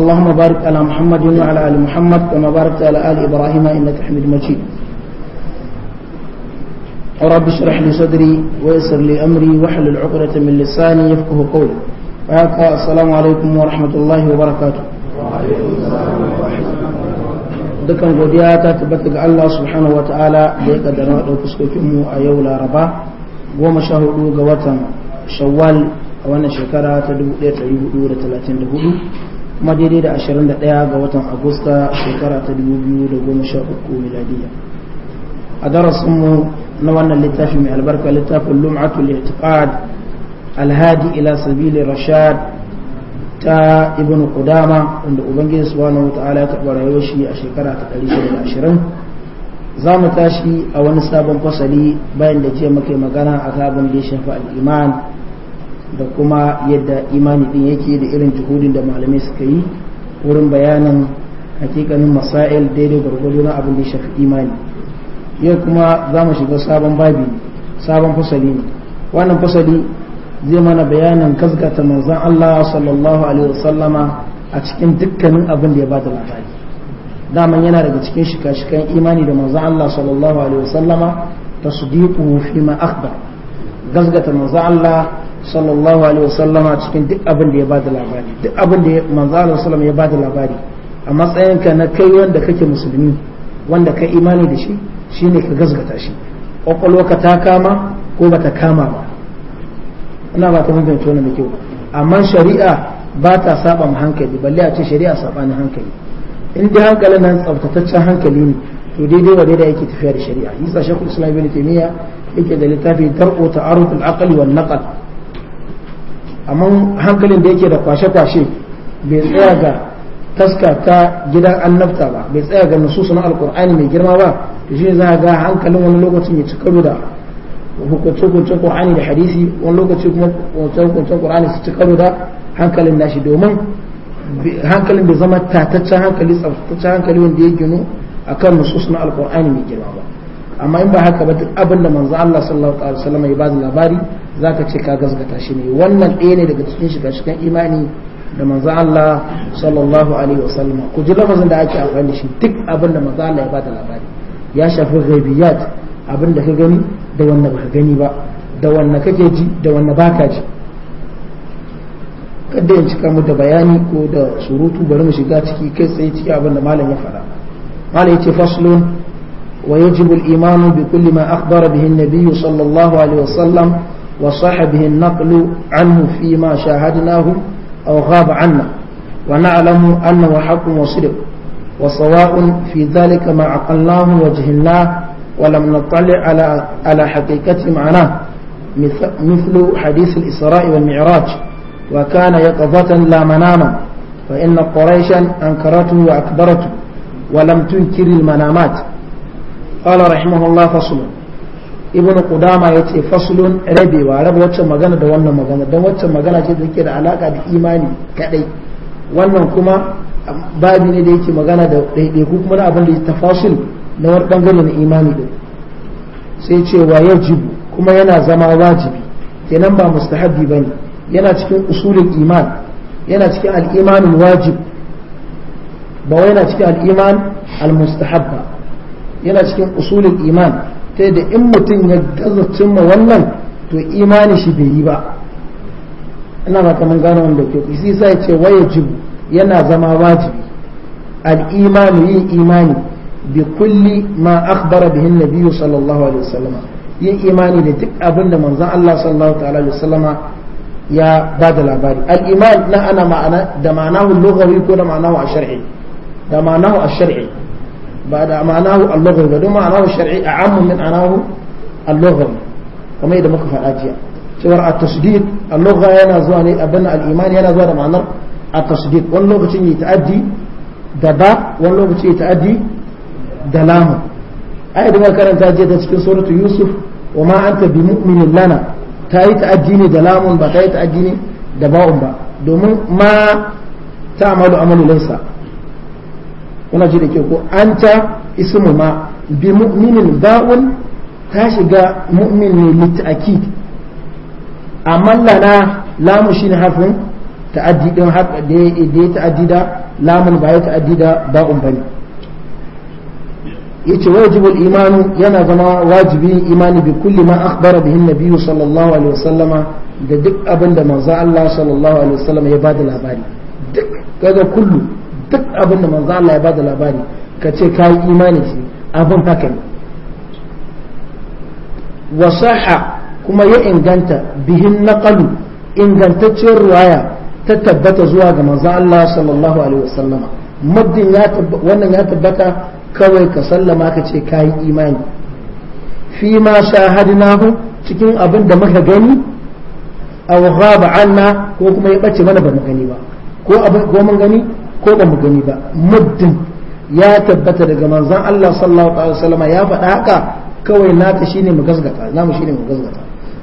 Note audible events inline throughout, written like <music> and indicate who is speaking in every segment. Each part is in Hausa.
Speaker 1: اللهم بارك على محمد وعلى آل محمد كما باركت على آل إبراهيم إنك حميد مجيد رب اشرح لي صدري ويسر لي أمري واحلل عقدة من لساني يفقه قولي السلام عليكم ورحمة الله وبركاته dukan godiya ta tabbata ga Allah subhanahu wa ta'ala da ya kaddara da fuskokinmu a yau laraba goma sha hudu ga watan shawwal a wannan shekara ta 1434 kuma da 21 ga watan agusta shekara ta 2013 miladiya a darasinmu na wannan littafi mai albarka littafin lum'atul i'tiqad alhadi ila sabili rashad ta ibn qudama wanda ubangiji subhanahu wataala ya karɓa rayuwar shi a shekara ta 620 za mu tashi a wani sabon fasali bayan da jiya muka magana a sabon da ya shafi al'iman da kuma yadda imani din yake da irin juhudin da malamai suka yi wurin bayanin hakikanin masail daidai gwargwado na abin da ya shafi imani yau kuma za mu shiga sabon babi sabon fasali ne wannan fasali zai mana bayanin kasgata manzon Allah sallallahu alaihi wasallama a cikin dukkanin abin da ya bada labari daman yana daga cikin shika-shikan imani da manzon Allah sallallahu alaihi wasallama tasdiquhu fi ma akhbar gasgata manzon Allah sallallahu alaihi wasallama cikin duk abin da ya bada labari duk abin da manzo Allah sallallahu ya bada labari a matsayinka na kai wanda kake musulmi wanda ka imani da shi shine ka gazgata shi ka ta kama ko bata kama ba ina ba ta fahimci wannan da kyau amma shari'a ba ta saba ma hankali balle a ce shari'a sabanin hankali in dai hankalin nan tsaftataccen hankali ne to daidai wa daidai yake tafiya da shari'a yasa shekul islam ibn taymiya yake da littafi dar'u ta'aruf al-aql wal naql amma hankalin da yake da kwashe-kwashe bai tsaya ga taska ta gidan annabta ba bai tsaya ga nususu na alkur'ani mai girma ba to shi za ga hankalin wani lokacin ya ci da hukuncin qur'ani da hadisi wani lokaci kuma hukunce qur'ani su ci da hankalin nashi domin hankalin bai zama tataccen hankali tsaftataccen hankali wanda ya ginu akan nasu na alkur'ani mai girma ba amma in ba haka ba duk abin da manzo Allah sallallahu alaihi wasallam ya bada labari zaka ce ka gazgata shi ne wannan ɗaya ne daga cikin shiga cikin imani da manzo Allah sallallahu alaihi wasallam ku ji lafazin da ake amfani da shi duk abin da manzo Allah ya bada labari ya shafi ghaibiyat abin da ka gani da wanda ka gani ba da wanda kake ji da wanda baka ji kada in cika mu da bayani ko da surutu bari mu shiga ciki kai tsaye ciki abin da malam ya faɗa malam ya ce faslun ويجب الإيمان بكل ما أخبر به النبي صلى الله عليه وسلم وصح به النقل عنه فيما شاهدناه أو غاب عنا ونعلم أنه حق وصدق وسواء في ذلك ما عقلناه وجهلناه ولم نطلع على على حقيقة معناه مثل حديث الإسراء والمعراج وكان يقظة لا مناما فإن قريشا أنكرته وأكبرته ولم تنكر المنامات qala rahimahullah faslun ibnu ya ce faslun rabewa raba waccan magana da wannan magana dan waccan magana ce da yake da alaka da imani kadai wannan kuma babu ne da yake magana da ku kuma na abin da ya tafasul na wani bangare na imani din sai ce wa yajibu kuma yana zama wajibi kenan ba mustahabbi bane yana cikin usulin iman yana cikin al wajib ba wai yana cikin al'iman al-mustahabba yana cikin usulul iman ta da in mutum ya gaza cimma wannan to imani shi bai yi ba ina ba kaman gane wanda ke kusi sai ya ce wajib yana zama wajibi al imanu yin imani bi kulli ma akhbara bihi nabiyyu sallallahu alaihi wasallam yin imani da duk abin da manzon Allah sallallahu ta'ala alaihi wasallama ya ba da labari al iman na ana ma'ana da ma'anahu lughawi ko da ma'anahu a shar'i da ma'anahu a ba da ma'anahu al-lughawi ba don ma'anahu shar'i a'ammu min anahu al-lughawi kamar yadda muka faɗa jiya cewar at-tasdiq al-lugha yana zuwa ne abin al-iman yana zuwa da ma'anar at-tasdiq wani lokacin yi ta'addi da ba wani lokacin yi ta'addi da lamu ai da karanta jiya ta cikin suratu yusuf wa ma mu'minin lana ta yi ne da lamun ba ta yi ta'addi ne da ba'un ba domin ma ta kuna ji da ke ko anta ismu ma bi mu'minin ba'un ta shiga mu'min ne litta'akid amma lana lamu ne harfin ta'addi din haka da ya ta'addi da lamun ba ya ta'addi da ba'un bane yace wajibul imanu yana zama wajibi imani bi kulli ma akhbara bihi nabiyyu sallallahu alaihi wasallama da duk abin da manzo Allah sallallahu alaihi wasallama ya bada labari duk kaga kullu duk abin da manzo Allah ya bada labari ka ce ka yi imani shi abin haka ne wasaha kuma ya inganta bihin naqalu ingantacciyar ruwaya ta tabbata zuwa ga manzo Allah sallallahu alaihi wasallama muddin ya wannan ya tabbata kawai ka sallama ka ce ka yi imani fi ma shahadnahu cikin abin da muka gani aw ghaba anna ko kuma ya bace mana ba mu gani ba ko abin ko mun gani ko ba mu gani ba muddin ya tabbata daga manzon Allah sallallahu alaihi wasallam ya faɗa haka kawai naka shine mu gasgata namu shine mu gasgata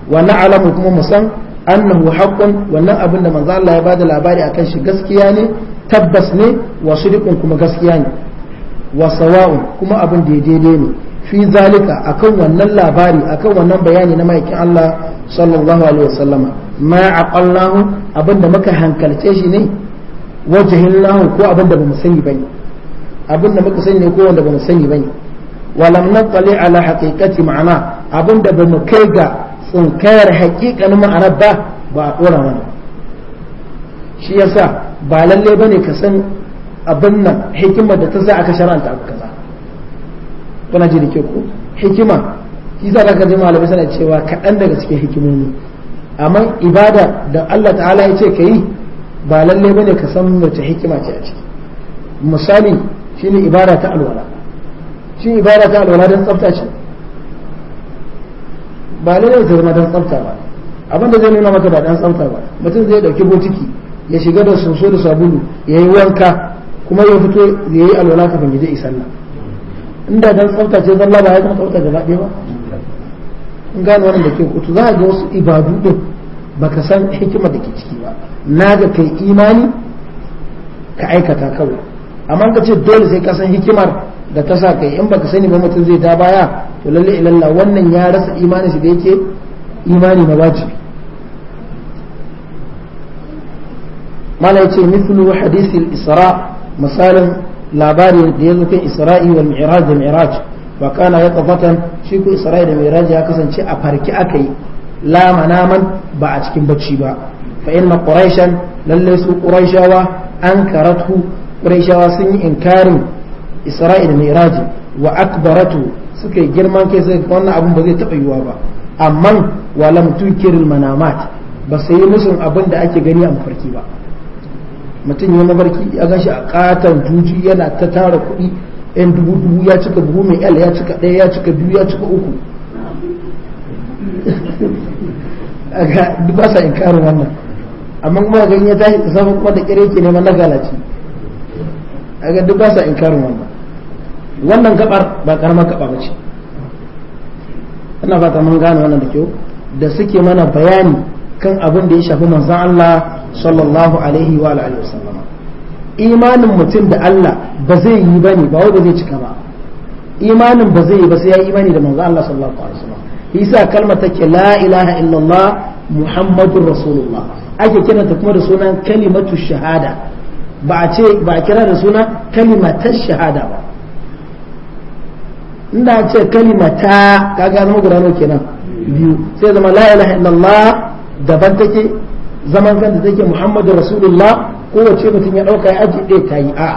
Speaker 1: wa na'lamu kuma mu san annahu haqqun wannan abin da manzon Allah ya bada labari akan shi gaskiya ne tabbas ne wa shirikun kuma gaskiya ne wa sawa'un kuma abin da daidai ne fi zalika akan wannan labari akan wannan bayani na maikin Allah sallallahu alaihi wasallama ma aqallahu abinda muka hankalce shi ne wajahin lahu ko abin da bamu sani bane abin da muka sani ko wanda bamu sani bane walam nattali ala haqiqati ma'ana abin da bamu kai ga tsinkayar haqiqan ma'ana ba ba a dora mana shi yasa ba lalle bane ka san abin nan hikima da ta sa aka shar'anta abu kaza kuna ji da ke ko hikima shi za ka ji malamai suna cewa kaɗan daga cikin hikimomi amma ibada da Allah ta'ala ya ce ka yi ba lalle ne ka san mace hikima ce a ciki misali shi ne ibada ta alwala shi ibada ta alwala dan tsafta ce ba lalle ta zama dan tsafta ba abin da zai nuna maka ba dan tsafta ba mutum zai dauki botiki ya shiga da soso da sabulu ya yi wanka kuma ya fito ya yi alwala kafin ya je isalla inda dan tsafta ce zalla ba ya kuma tsafta gaba ɗaya ba in gane wannan da ke kutu za a ga wasu ibadu din baka san hikima da ke ciki ba na ga kai imani ka aikata kawai amma ka ce dole sai ka san hikimar da ta sa kai in baka sani ba mutum zai ta baya to lalle ilalla wannan ya rasa imani shi da yake imani na ya mala yace mithlu hadisi al-isra misalin labarin da ya zo kan isra'i wal mi'raj da mi'raj wa kana yaqfatan shi ku isra'i da mi'raj ya kasance a farki akai la naman ba a cikin bacci ba fa inna quraishan lalle su quraishawa an karatu quraishawa sun yi inkarin isra'il mi'raj wa akbaratu suka girman kai sai wannan abun ba zai taba yiwuwa ba amma wa lam tukiril manamat ba sai yi musun abin da ake gani a mafarki ba mutum ya mafarki ya gashi a katon juji yana ta tara kuɗi yan dubu dubu ya cika buhu mai l ya cika ɗaya ya cika biyu ya cika uku duk ba sa inkarin wannan amma kuma ga ya tashi da safin kuma da kire ke neman na galaci ga duk ba sa inkarin wannan wannan gabar ba karamar gaba ba ce ina fata mun gane wannan da kyau da suke mana bayani kan abin da ya shafi manzon Allah sallallahu alaihi wa alihi wasallam imanin mutum da Allah ba zai yi bane ba wai ba zai cika ba imanin ba zai yi ba sai ya imani da manzon Allah sallallahu alaihi wasallam yasa kalmar take la ilaha illallah muhammadur rasulullah ake kiran ta kuma da sunan kalimatu shahada ba a ce ba a kira da suna kalimatar shahada ba inda ce kalimata kaga zama guda kenan biyu sai zama la ilaha illallah daban take zaman kanta take muhammadu rasulullah kowace mutum ya ɗauka ya aji ɗaya ta yi a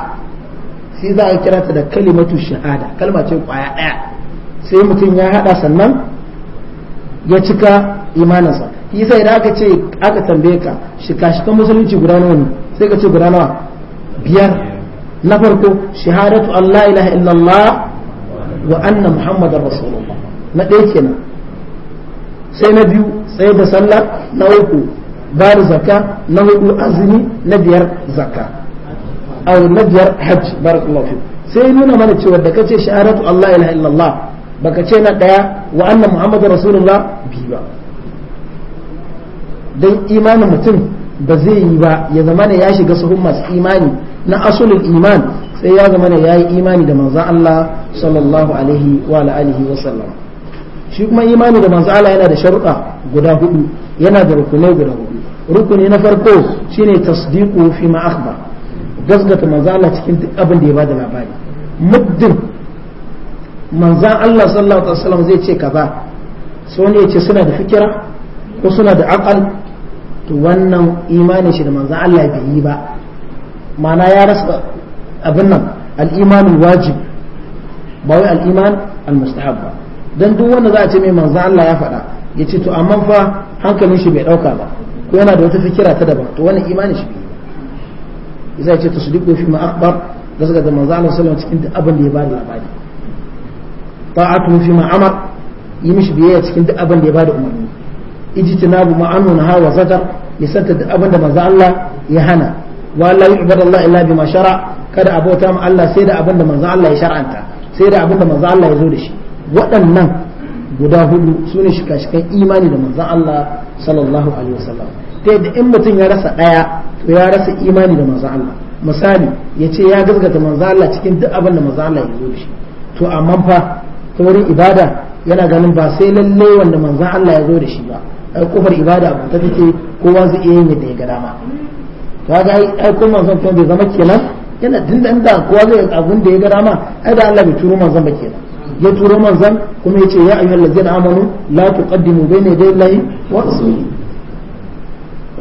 Speaker 1: sai za a kira ta da kalimatu shahada kalma ce kwaya ɗaya sai mutum ya haɗa sannan ya cika imaninsa yasa idan aka ce aka tambaye ka shika-shikan musulunci guda nawa ne sai ka ce guda nawa biyar na farko shahadatu Allah ilaha illallah wa anna muhammadar rasulullah na ɗaya kenan sai na biyu tsaye da sallah na uku ba da zakka na hudu azumi na biyar zakka a na biyar hajj barakallahu fi sai nuna mana cewa da ka ce shahadatu Allah ilaha illallah baka ce na ɗaya wa anna muhammadu rasulullah ba don imanin mutum ba zai yi ba ya zama ya shiga sahun masu imani na asulul iman sai ya zama ya yi imani da manzan Allah sallallahu alaihi wa alihi wa sallam shi kuma imani da manzan Allah yana da sharuɗa guda hudu yana da rukunai guda hudu rukuni na farko shine tasdiqu fi ma akhbar gaskata Allah cikin duk abin da ya bada labari muddin manzan Allah sallallahu alaihi wasallam zai ce kaza sai wani ya ce suna da fikira ko suna da aqal to wannan imanin shi da manzan Allah bai yi ba ma'ana ya rasa abin nan al-iman wajib ba wai al-iman al-mustahab ba dan duk wanda za a ce mai manzan Allah ya faɗa ya ce to amma fa hankalin shi bai ɗauka ba ko yana da wata fikira ta daban to wannan imanin shi bai yi ba yasa ya ce tasdiqu fi ma akhbar da da manzan Allah sallallahu alaihi wasallam cikin abin da ya bada labari ta'atu fi ma amar yi mishi biyayya cikin duk abin da ya bada umarni ijtinabu ma anhu naha wa zakar yasanta duk abin da manzo Allah ya hana wa la yu'badallahu illa ma shara kada abota ma Allah sai da abin da manzo Allah ya shar'anta sai da abin da manzo Allah ya zo da shi waɗannan guda hudu su ne shika-shikan imani da manzan Allah sallallahu alaihi wasallam ta yadda in mutum ya rasa ɗaya to ya rasa imani da manzan Allah misali ya ce ya gaskata manzan Allah cikin duk abin da manzan Allah ya zo da shi to amma fa ta wurin ibada yana ganin ba sai lalle wanda manzan Allah ya zo da shi ba ai kofar ibada abu ta take kowa zai iya yin yadda ya ga dama ga ai ko manzon kan bai zama kenan yana dindan da kowa zai abun da ya ga dama ai da Allah bai turo manzon ba kenan ya turo manzon kuma ya ce ya ayyuhal ladzina amanu la tuqaddimu bayna yaday Allahi wa rasuli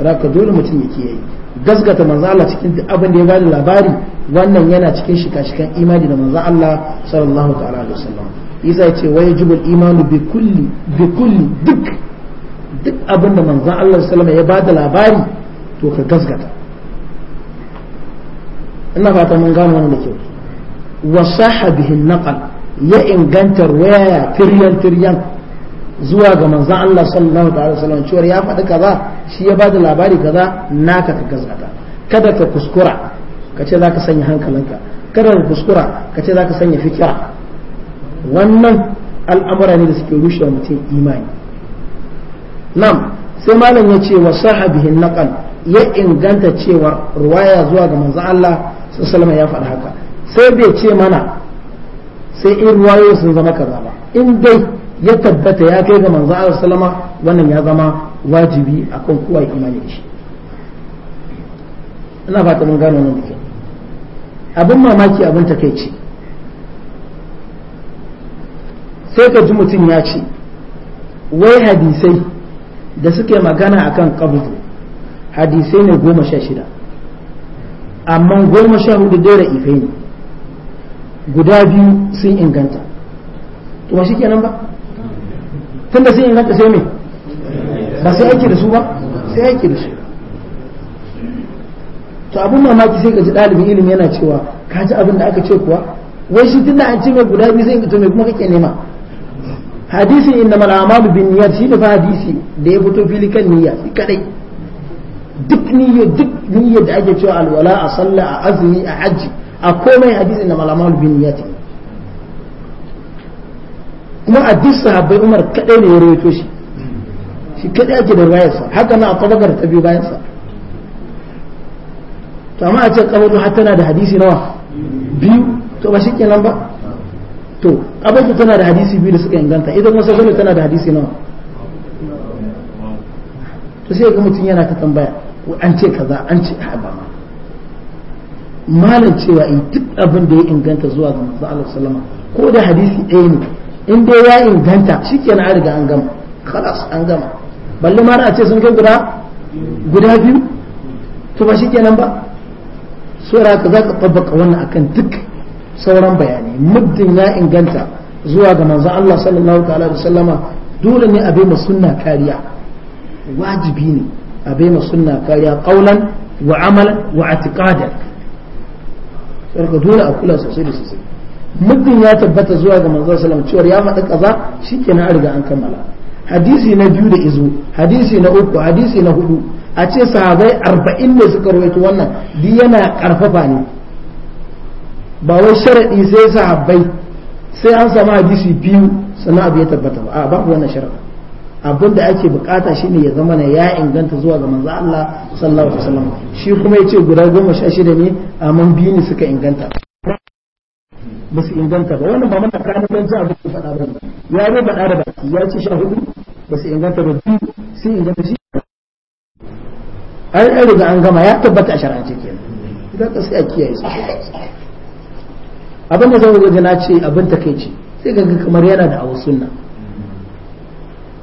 Speaker 1: raka dole mutum yake yi gasgata manzo Allah cikin abin da ya ba bada labari wannan yana cikin shika-shikan imani da manzon Allah sallallahu ta'ala alaihi wasallam yasa ce wa yajibul imanu bi kulli bi kulli duk duk abinda manzon Allah sallama ya bada labari to ka gaskata ina fata mun gano wannan kyau wa sahabihin naqal ya inganta waya tiryan tiryan zuwa ga manzon Allah sallallahu alaihi wasallam cewa ya faɗi kaza shi ya bada labari kaza naka ka gasgata kada ka kuskura ka ce za ka sanya hankalinka kada ka kuskura ka ce za ka sanya fikira wannan al'amura ne da suke rushe mutum imani Nan sai malam ya ce wa sahabihin naqal ya inganta cewa ruwaya zuwa ga manza Allah sallallahu ya faɗa haka sai bai ce mana sai in ruwayo sun zama kaza ba in dai ya tabbata ya kai ga manzon Allah sallama wannan ya zama wajibi akan kowa imani da shi ina fata mun gano nan bikin abin mamaki abin takeici sai ka ji mutum ya ce wai hadisai da suke magana a kan qabdu hadisai ne goma sha shida amma goma sha hudu dora ifai ne guda biyu sun inganta to shi kenan ba tunda sun inganta sai me ba sai aiki da su ba sai aiki da su to abin mamaki sai ka ji ɗalibin ilimi yana cewa ka ji abin da aka ce kuwa wai shi tunda an ce mai guda biyu sai inganta mai kuma kake nema hadisi innamal bin binniyat shi da fa hadisi da ya fito fili kan niyya shi kadai duk niyya duk niyya da ake cewa alwala a sallah a azumi a hajji a komai hadisi innamal a'malu binniyat kuma a duk sahabbai Umar kadai ne ya rawaito shi shi kadai ake da ruwayarsa haka na a tabakar ta biyu bayansa to amma a ce kabarin har tana da hadisi nawa biyu to ba shi kenan ba to abaiki tana da hadisi biyu da suka inganta ita kuma sai tana da hadisi nawa to sai ga mutum yana ta tambaya an ce kaza an ce haba ba malam cewa in duk abin da ya inganta zuwa ga manzo Allah sallama ko da hadisi ɗaya ne in dai ya inganta shikenan an riga an gama khalas an gama balle ma a ce sun kai guda guda biyu to ba shikenan ba sura ka za ka tabbaka wannan akan duk sauran bayani muddin ya inganta zuwa ga manzon Allah sallallahu ta'ala da sallama dole ne a bai ma sunna kariya wajibi ne a bai ma sunna kariya qaulan wa amalan wa i'tiqadan sarka dole a kula sosai da sosai muddin ya tabbata zuwa ga manzon sallallahu cewa ya faɗi kaza shikenan an riga an kammala hadisi na biyu da izo hadisi na uku hadisi na hudu a ce sahabai arba'in ne suka rawaito wannan duk yana karfafa ne ba wai sharadi sai sahabbai sai an samu hadisi biyu sannan abu ya tabbata ba a babu wannan sharadi abin da ake bukata shine ya zama na ya inganta zuwa ga manzo Allah sallallahu alaihi wasallam shi kuma yace guda goma sha shida ne amma biyu ne suka inganta ba su inganta ba wannan ba mana kana ban ji abin da faɗa ba ya ne faɗa da baki ya ce sha hudu ba su inganta ba biyu sun inganta shi Ai ai daga an gama ya tabbata a ce kenan idan ka sai a kiyaye su abin da zama waje ce abin ta kai ce sai ganga kamar yana da abu sunna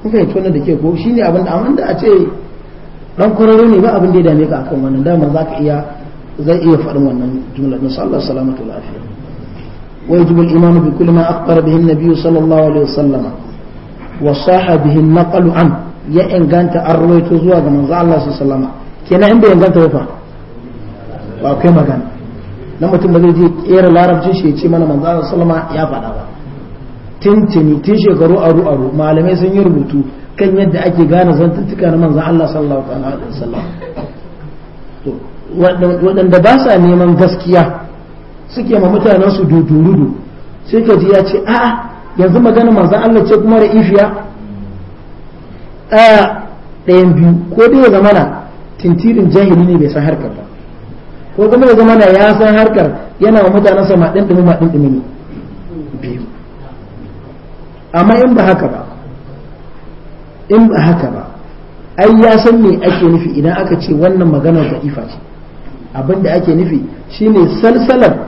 Speaker 1: yi wannan da ke ko shine abin da amma a ce dan kwararru ne ba abin da ya dame ka a kan wannan dama za ka iya zai iya faɗin wannan jumla na sallar salamatu lafiya wai jubal imam bi kulli ma akbara na biyu sallallahu alaihi wasallam wa bihin naqalu an ya inganta an arwaito zuwa ga manzo Allah sallallahu alaihi wasallam kenan inda inganta wafa ba kai magana na mutum ba zai je kera larabcin shi ya ce mana manzo Allah sallama ya faɗa ba tintini tun shekaru aru aru malamai sun yi rubutu kan yadda ake gane zantuttuka na manzo Allah sallallahu alaihi wasallam to waɗanda ba sa neman gaskiya suke ma mutanen su dudurudu sai ka ji ya ce a'a yanzu magana manzo Allah ce kuma ra'ifiya ɗaya ɗayan biyu ko dai zamana tintirin jahili ne bai san harkar ba ko kuma ya zama na ya san harkar yana wa mutanen sa ɗin ɗumi ɗin ɗumi ne biyu amma in ba haka ba in ba haka ba ai ya san me ake nufi idan aka ce wannan maganar ifa ce abinda ake nufi shine salsalar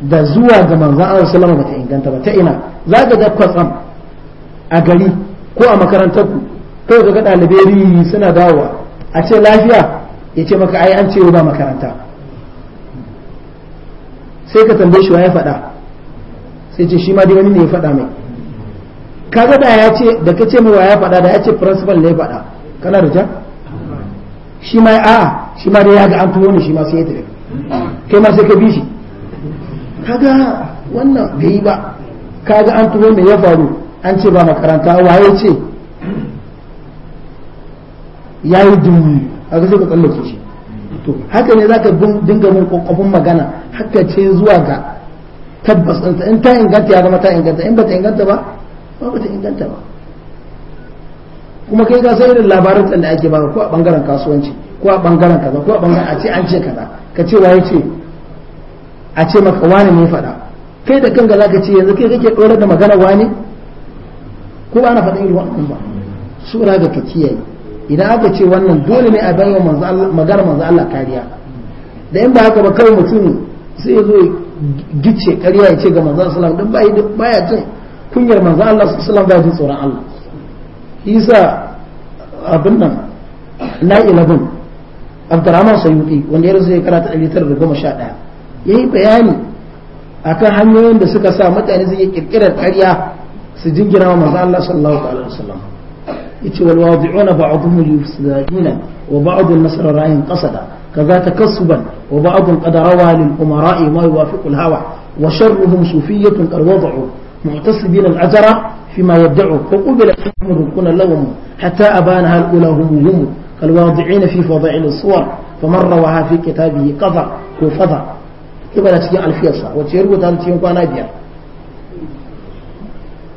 Speaker 1: da zuwa ga manzon Allah sallama bata inganta ba ta ina za ka ga kwatsam a gari ko a makarantar ku kai ga ɗalibai suna dawowa a ce lafiya ya ce maka ai an ce ba makaranta sai ka tambaye shi wa ya faɗa sai ce shi ma dai wani ne ya faɗa mai kaga da ya ce da ka ce mai wa ya faɗa da ya ce principal ne ya faɗa kana da ja shi ma a shi ma dai ya ga an tuwo ne shi ma sai ya tafi kai ma sai ka bi shi kaga wannan bai yi ba kaga an tuwo ne ya faru an ce ba makaranta wa ya ce ya yi dumi haka sai ka tsallake shi to haka ne zaka dinga mun kokofin magana haka ce zuwa ga tabbas in ta inganta ya zama ta inganta in bata inganta ba ba bata inganta ba kuma kai ka san irin labarin da ake ba ko a bangaren kasuwanci ko a bangaren kaza ko a bangaren a ce an ce kaza ka ce waye ce a ce maka wani ne faɗa kai da kanka zaka ce yanzu kai kake ɗora da magana wani ko na faɗin irin wannan ba sura ga ka kiyaye idan aka ce wannan dole ne a baiwa magar manzo Allah kariya da in ba haka ba kawai mutum sai ya zo gice kariya ya ce ga manzo Allah dan bai baya jin kunyar manzo Allah sallallahu alaihi tsoron Allah isa abin nan na ilabun Abdurrahman Sayyidi wanda ya rasu shekara ta 1911 yayi bayani akan hanyoyin da suka sa mutane suke kirkirar kariya su jingira wa manzo Allah sallallahu alaihi wasallam يتوى والواضعون بعضهم يفسدون وبعض النصرانيين قصدا كذا تكسبا وبعض قد روى للأمراء ما يوافق الهوى وشرهم صوفية قد وضعوا معتصبين الأجر فيما يدعوا فقبل منهم ركنا لهم حتى أبانها الأولى هم هم كالواضعين في فضائل الصور فمن روها في كتابه قضى وفضى كما لا الفيصة وتيربط هذا تيمكو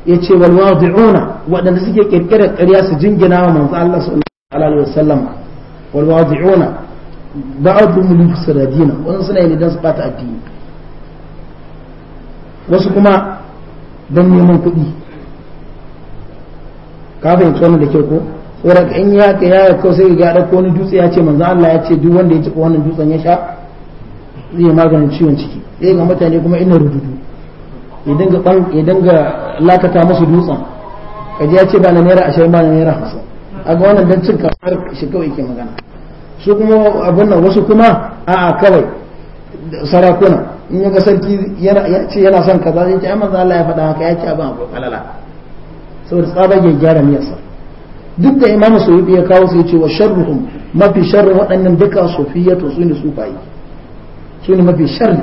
Speaker 1: ya ce da wadi'una waɗanda suke kirkirar ƙarya su jingina wa manzo Allah sallallahu alaihi wasallam wal wadi'una ba'dhum mufsidina wannan suna yin dan su bata addini wasu kuma dan neman kuɗi kafin fahimci wannan da kyau ko tsoron in ya ka ya ko sai ya ko wani dutse ya ce manzo Allah ya ce duk wanda ya ci wannan dutsen ya sha zai maganin ciwon ciki sai ga mutane kuma ina rududu ya dinga ban ya dinga lakata musu dutsen kaje ya ce ba na naira ashirin ba na naira hamsin aga wannan dan cin kasuwar shi kawai ke magana su kuma abin nan wasu kuma a'a kawai sarakuna in ga sarki ya ce yana son kaza ya ce ai manzo Allah ya faɗa haka ya ce abin akwai kalala saboda tsabar ya gyara miyarsa duk da imamu suyuti ya kawo sai ce wa sharruhum mafi sharri waɗannan duka sufiyatu su ne sufayi su ne mafi sharri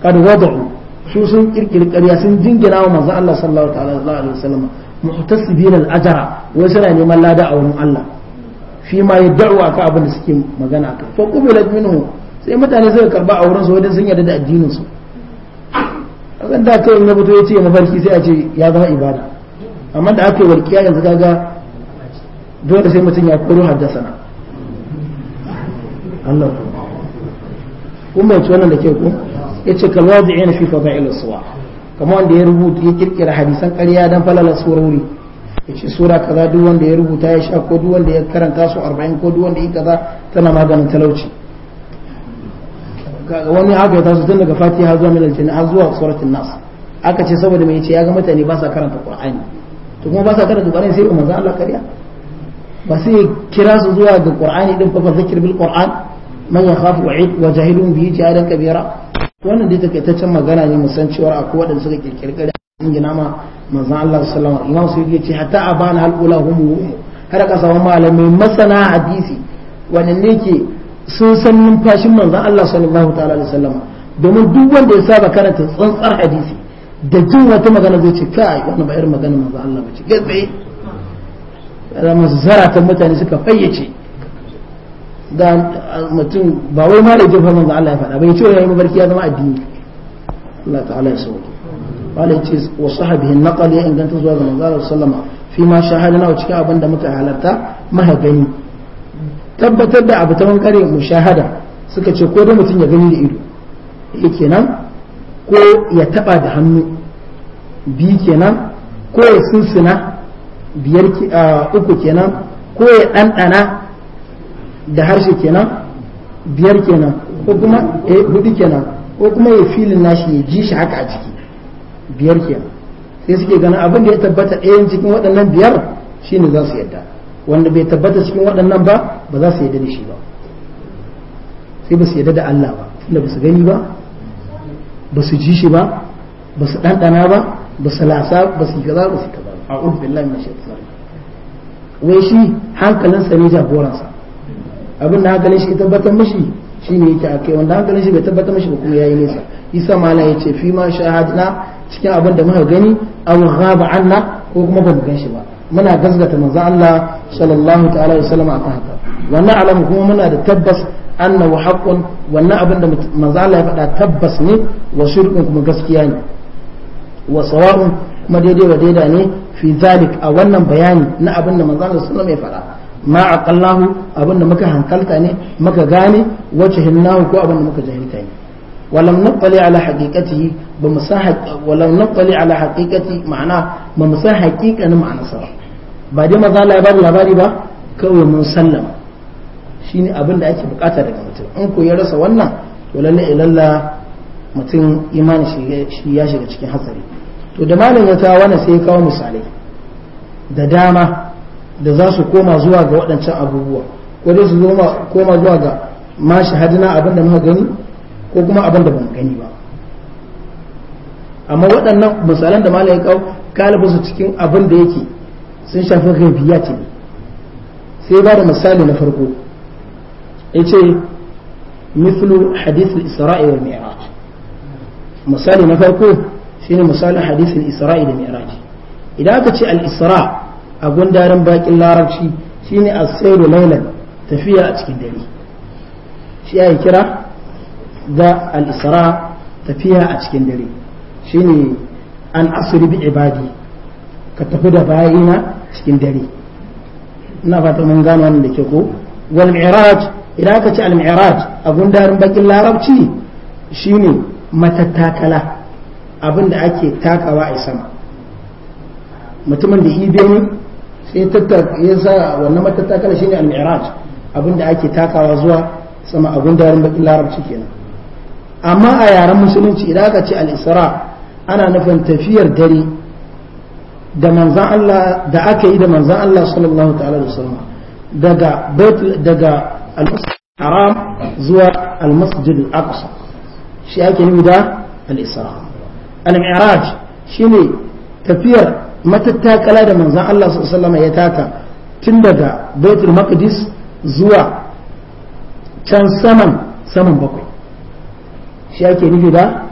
Speaker 1: kad wada'u su sun kirkiri ƙarya sun jingina wa manzo Allah sallallahu alaihi wasallam muhtasibina al-ajra wai suna neman lada a wurin Allah fi ma yad'u aka abin da suke magana ka fa qubilat minhu sai mutane suka karba a wurin su wajen sun yarda da addinin su kan da ta ya ce yace mafarki sai a ce ya zama ibada amma da aka yi walƙiya yanzu kaga dole sai mutum ya koro haddasana Allah ku kuma ci wannan da ke ku yace kal wadi'ina fi fada'il suwa kamar wanda ya rubuta ya kirkira hadisan ƙarya dan falalar surori yace sura kaza duk wanda ya rubuta ya sha ko duk wanda ya karanta su 40 ko duk wanda ya kaza tana maganin talauci wani haka ya taso tun daga fatiha zuwa min aljanna har zuwa suratul nas aka ce saboda mai yace ya ga mutane ba sa karanta qur'ani to kuma ba sa karanta qur'ani sai manzo Allah kariya ba sai kira su zuwa ga qur'ani din fa fa zikr bil qur'an man yakhafu wa'id wa jahilun bihi jahadan kabira wannan dai takaitaccen magana ne musan cewa akwai waɗanda suka kirkiri gari a ingina ma manzon Allah sallallahu alaihi wasallam imam sai ya ce hatta abana alula hum har ka samu malamai masana hadisi wannan ne ke sun san numfashin manzon Allah sallallahu ta'ala alaihi wasallam domin duk wanda ya saba karanta tsantsar hadisi da jin wata magana zai ce kai wannan ba irin magana manzan Allah ba ce gaskiya masu zaratan mutane suka fayyace da mutum ba wai ma da fama manzo Allah ya faɗa bai ce yayi mabarki ya zama addini Allah ta'ala ya sauke wala yace wa sahabihi naqali ya inganta zuwa ga manzo Allah sallama fi ma shahadana wa cikin abin da muka halarta maha gani tabbatar da abu ta mu shahada suka ce ko da mutum ya gani da ido yake eh kenan, ko ya taba da hannu Bi kenan ko ya sinsina biyar uku kenan ko ya ɗanɗana da harshe kenan biyar kenan ko kuma eh hudu kenan ko kuma ya filin nashi ya ji shi haka a ciki biyar kenan sai suke ganin abin da ya tabbata ɗayan cikin waɗannan biyar shine za su yadda wanda bai tabbata cikin waɗannan ba ba za su yadda da shi ba sai ba su yadda da Allah ba tunda ba su gani ba ba su ji shi ba ba su ɗanɗana ba ba su lasa ba su kaza ba su kaza a ubillahi min shaitan wai shi hankalinsa ne jagoransa abin da hankalin shi tabbatar mashi ne yake akai wanda hankalin shi bai tabbatar mashi ba kuma yi nesa isa malam ya ce fi ma shahadna cikin abin da muka gani aw ghaba anna ko kuma ba mu gan shi ba muna gasgata manzon Allah sallallahu ta'ala wa sallama akan haka wannan alamu kuma muna da tabbas wa haqqun wannan abin da manzon Allah ya faɗa tabbas ne wa shirkun kuma gaskiya ne wa sawa'un kuma daidai wa daida ne fi zalik a wannan bayani na abin da manzon Allah sallallahu alaihi ya faɗa ma aqallahu abinda muka hankalta ne muka gane wacce hinnahu ko abinda muka jahilta ne walam naqali ala haqiqatihi ba mu san walam naqali ala haqiqati ma'ana ba mu haqiqanin ma'ana sa ba dai maza labari labari ba kawai mun sallama shine abinda ake bukata daga mutum in ko ya rasa wannan to lalle eh, ilalla mutum imani shi ya shiga cikin hatsari to da malam ta kawo wannan sai ya kawo misalai da dama da za su koma zuwa ga waɗancan abubuwa ko dai su koma zuwa ga ma shahadina abin da muka gani ko kuma abin da bamu gani ba amma waɗannan misalan da malam kawo su cikin abin da yake sun shafi gaibiya ce sai ba da misali na farko ya ce mithlu hadith isra'i wa mi'raj misali na farko shine misalin hadith isra'i da mi'raj idan aka ce al-isra' a gundarin bakin larabci shine as da lailan tafiya a cikin dare shi ya kira da al-isra tafiya a cikin dare shine an asiri bi ibadi ka tafi da bayina cikin dare ina fata mun gano wannan da ke ko wal mi'raj idan ka ci al mi'raj a gundarin bakin larabci shine matattakala abin da ake takawa a sama mutumin da ibe ya sa wannan matattakala shine al-mi'raj abinda ake takawa zuwa sama da gundarin bakin larabci kenan amma a yaren musulunci idan aka ce al-isra ana nufin tafiyar dare da manzan Allah da aka yi da manzan Allah sallallahu ta'ala da sallama daga daga al-haram zuwa al-masjid al-aqsa shi ake nufi da al-isra al-mi'raj shine tafiyar matattakala da manzan Allah sallama ya tata tun daga baitul maqdis zuwa can saman saman bakwai shi ake nufi da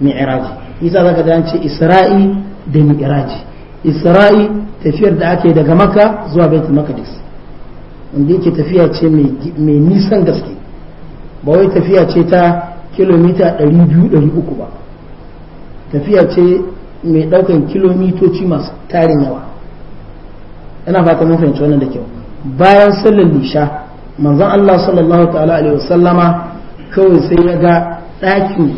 Speaker 1: mi'raji isa zaka ga ce isra'i da mi'raji isra'i tafiyar da ake daga maka zuwa baitul maqdis wanda yake tafiya ce mai nisan gaske ba wai tafiya ce ta kilomita 200-300 ba tafiya ce mai daukan kilomitoci masu tarin yawa ina fata mun fahimci wannan da kyau bayan sallar lisha manzon Allah sallallahu ta'ala alaihi wasallama kawai sai ya ga ɗakin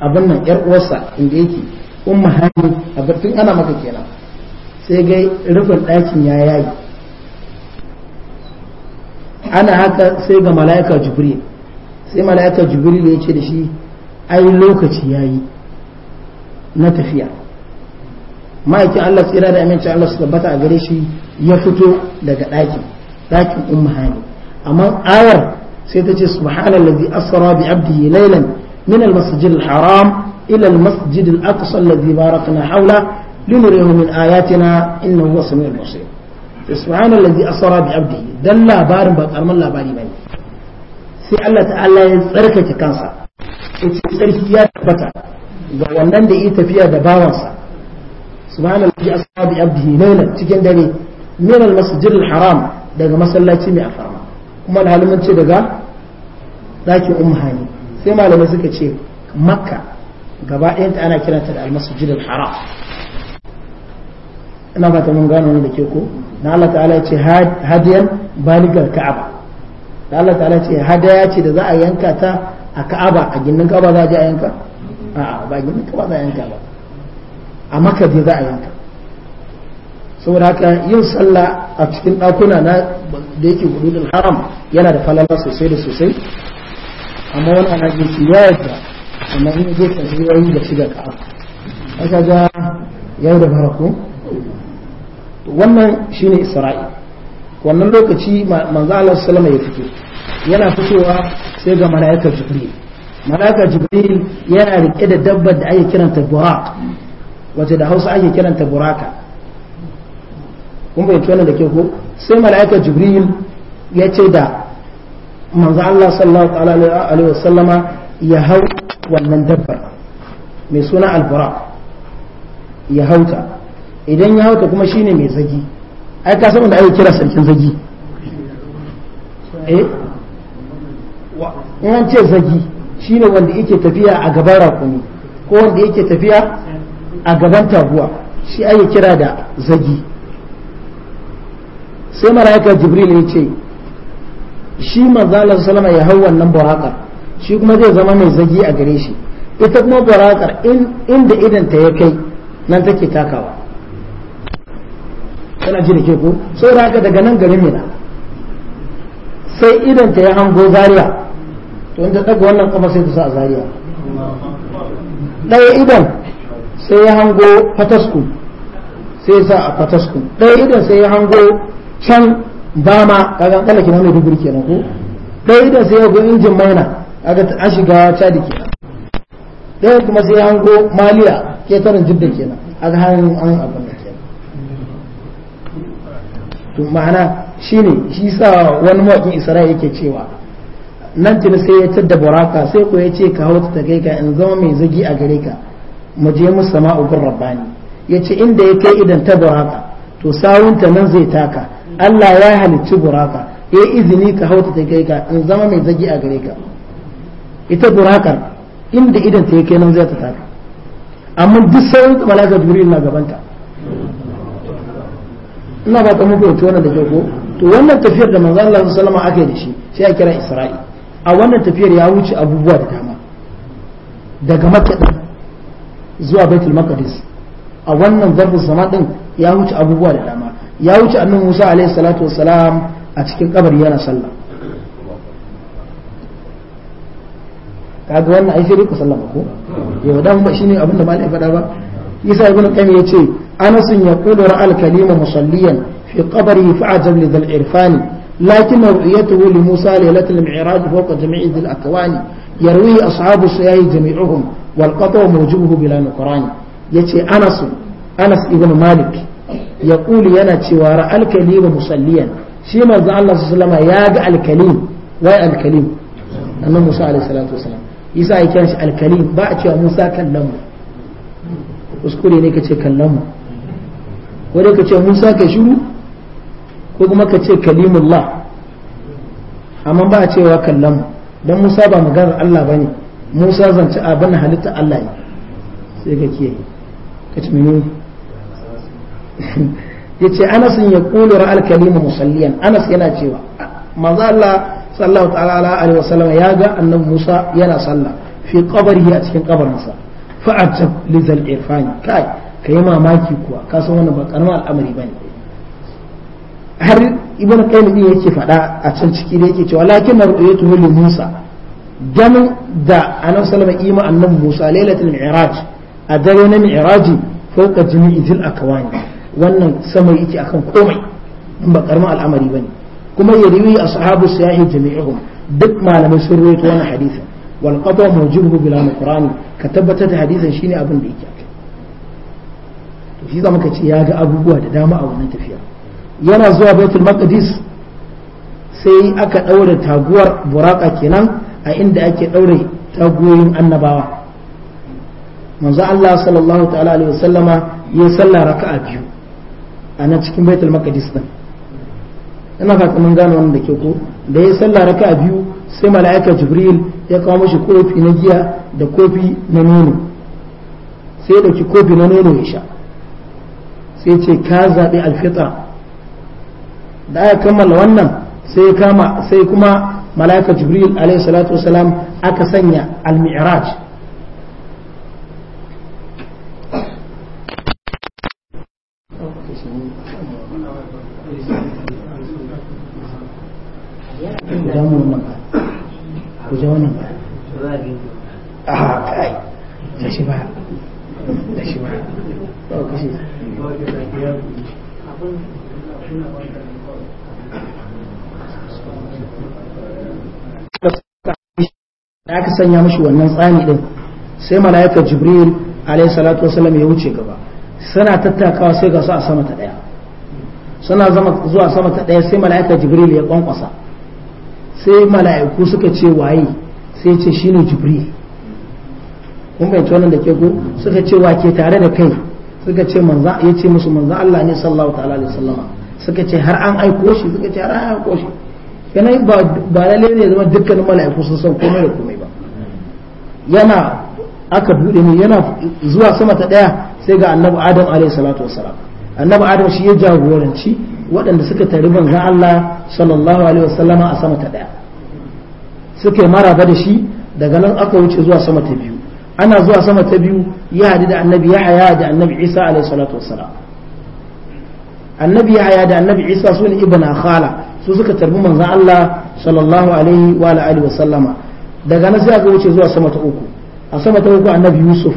Speaker 1: abin nan yar uwarsa inda yake umma hani a tun ana maka kenan sai ga rufin ɗakin ya yayi ana haka sai ga mala'ika jibril sai mala'ika jibril ya ce da shi ai lokaci yayi na tafiya ma'aikin Allah tsira da aminci Allah su tabbata a gare shi ya fito daga ɗakin ɗakin umma hani amma ayar sai ta ce subhanallazi asra bi abdihi laylan min al-masjid al-haram ila al-masjid al-aqsa alladhi barakna hawla linurihu min ayatina innahu huwa samiul basir subhanallazi asra bi abdihi dan labarin ba karman labari bane sai Allah ta'ala ya tsarkake kansa sai tsarki ya tabbata ga wannan da yi tafiya da bawansa سبحان asra bi abdihi laila cikin dare min al haram daga masallaci mai alfarma kuma alhalin ce daga dakin umhani sai malamai suka ce makka gaba أنا ana kiranta da al-masjid al-haram ina mun gano ne da ke ko na Allah ta'ala ce hadiyan baligar ka'aba da Allah ta'ala ce hadaya ce da za a yanka ta a ka'aba a ginin ka'aba za a je a yanka ba za a yanka ba a maka je za a yanka saboda haka yin sallah a cikin ɗakuna na da yake hududul haram yana da falala sosai da sosai amma wani ana ke ci ya yadda amma in zai tafi yayi da shiga ka'a aka ga yau da barako wannan shine isra'i wannan lokaci manzo Allah sallama ya fito yana fitowa sai ga malaika jibril malaika jibril yana rike da dabbar da ake kiranta buraq wace da hausa ake kiranta buraka kun bai wannan da ke ko sai mala'ika jibril ya ce da manzo Allah sallallahu alaihi wa sallama ya hau wannan dabbar mai suna albura ya hauta idan ya hauta kuma shine mai zagi ai ka san da ake kira sarkin zagi eh in ce zagi shine wanda yake tafiya a gaban rakumi ko wanda yake tafiya a gaban taguwa shi ake kira da zagi sai mala'ika jibril ya ce shi manzalar salama ya hau wannan burakar shi kuma zai zama mai zagi a gare shi ita kuma burakar inda idanta ya kai nan take takawa kana ji da ke ko sai haka daga nan garin mina sai idanta ya hango zaria to inda daga wannan kuma sai ta sa zariya ɗaya idan sai ya hango fatasku sai sa a fatasku ɗaya idan sai ya hango can ba ma kaga tsallake na mai ke nan ko ɗaya idan sai ya hango injin maina kaga an shiga cadi ke ɗaya kuma sai ya hango maliya ketaren jidda a ga hannun an abin da kenan to ma'ana shine shi sa wani mawakin isra'i yake cewa nan tuni sai ya tadda buraka sai ko ya ce ka hau ta kai ka in zama mai zagi a gare ka mu je mu sama ugun rabbani yace inda ya kai idan ta buraka to sawunta nan zai taka Allah ya halicci buraka ya izini ka hauta ta kai ka in zama mai zagi a gare ka ita burakar inda idan ta kai nan zai ta taka amma duk sauran ta malaka duri na gabanta ina ba ta muku yato wannan da ke ko to wannan tafiyar da manzo Allah sallallahu alaihi wasallam da shi sai a kira Isra'i a wannan tafiyar ya wuce abubuwa da dama daga Makka zuwa baitul maqdis a wannan zarfin zaman din ya wuce abubuwa da dama ya wuce annan Musa alaihi salatu wassalam a cikin kabari yana sallah kaga wannan ai sai ku sallama ko yau dan ba shine abin da malai faɗa ba Isa ibn Qayyim yace Anas ya qudura al kalima musalliyan fi qabrihi fa'ajab li dhal irfani لكن رؤيته لموسى ليلة المعراج فوق جميع ذي الأكوان يرويه أصحاب السياي جميعهم wal qat'u mawjubuhu bila nuqran yace Anas Anas ibn Malik ya kuli yana cewa ra alkalim musalliyan shi manzo Allah sallama ya ga alkalim wai alkalim annabi Musa alaihi salatu wasalam Isa ya kiran shi alkalim ba a cewa Musa kallamu kuskure ne kace kallamu ko dai kace Musa ka shiru ko kuma kace kalimullah amma ba a cewa Musa ba maganar Allah bane musa zance abin halitta allah ne sai ga kiyaye ka ci <laughs> ya ce anas ya kulu ra'al kalima musalliyan anas yana cewa maza allah ta'ala ya ga annabi musa yana sallah fi qabrihi a cikin kabarinsa fa'ajab li zal kai kai mamaki kuwa ka san wannan ba karamar al'amari bane har ibn qayyim yake faɗa a can ciki da yake cewa lakin ru'yatuhu li musa ganin da anan salama ima annabi musa lailatul mi'raj a dare na mi'raji fawqa jami'il akwani wannan sama yake akan komai in ba karamin al'amari bane kuma ya riwi ashabu sahihi jami'uhum duk malamai sun rawaito wannan hadisin wal qatwa mawjubuhu bila ka tabbatar da hadisin shine abin da yake to shi zama kace ya ga abubuwa da dama a wannan tafiya yana zuwa baitul maqdis sai aka daura taguwar buraka kenan a inda ake ɗaure tagoyin annabawa manzo Allah sallallahu ta'ala alaihi Sallama ya salla raka'a biyu a nan cikin baitul maqdis din ina fata mun gane wannan da ke ko da ya salla raka'a biyu sai mala'ika jibril ya kawo mashi kofi na giya da kofi na nono sai ya dauki kofi na nono ya sha sai ce ka zaɓi alfitra da aka kammala wannan sai kama sai kuma ملائكة جبريل عليه الصلاة والسلام أكسنيا المعراج da aka sanya mashi wannan tsani din sai mala'ika jibril alayhi salatu wasallam ya wuce gaba suna tattakawa sai ga su a sama ta daya suna zuwa sama ta daya sai mala'ika jibril ya kwankwasa sai mala'iku suka ce waye sai ce shine jibril kun fahimci wannan da ke ku suka ce wa ke tare da kai suka ce manza ya ce musu manza Allah ne sallallahu ta'ala alaihi sallama suka ce har an aiko shi suka ce har an aiko shi yana ba lalle ne zama dukkan mala'iku sun san komai da komai yana aka buɗe ne yana zuwa sama ta ɗaya sai ga annabi adam alayhi salatu wasalam annabi adam shi ya jagoranci waɗanda suka tari banzan Allah sallallahu alaihi wasallama a sama ta ɗaya suka yi maraba da shi daga nan aka wuce zuwa sama ta biyu ana zuwa sama ta biyu ya haɗu da annabi yahaya da annabi isa alayhi salatu wassalam annabi yahaya da annabi isa su ne khala su suka tarbi manzan Allah sallallahu alaihi wa alihi wasallama daga nan sai aka wuce zuwa sama ta uku a sama ta uku annabi yusuf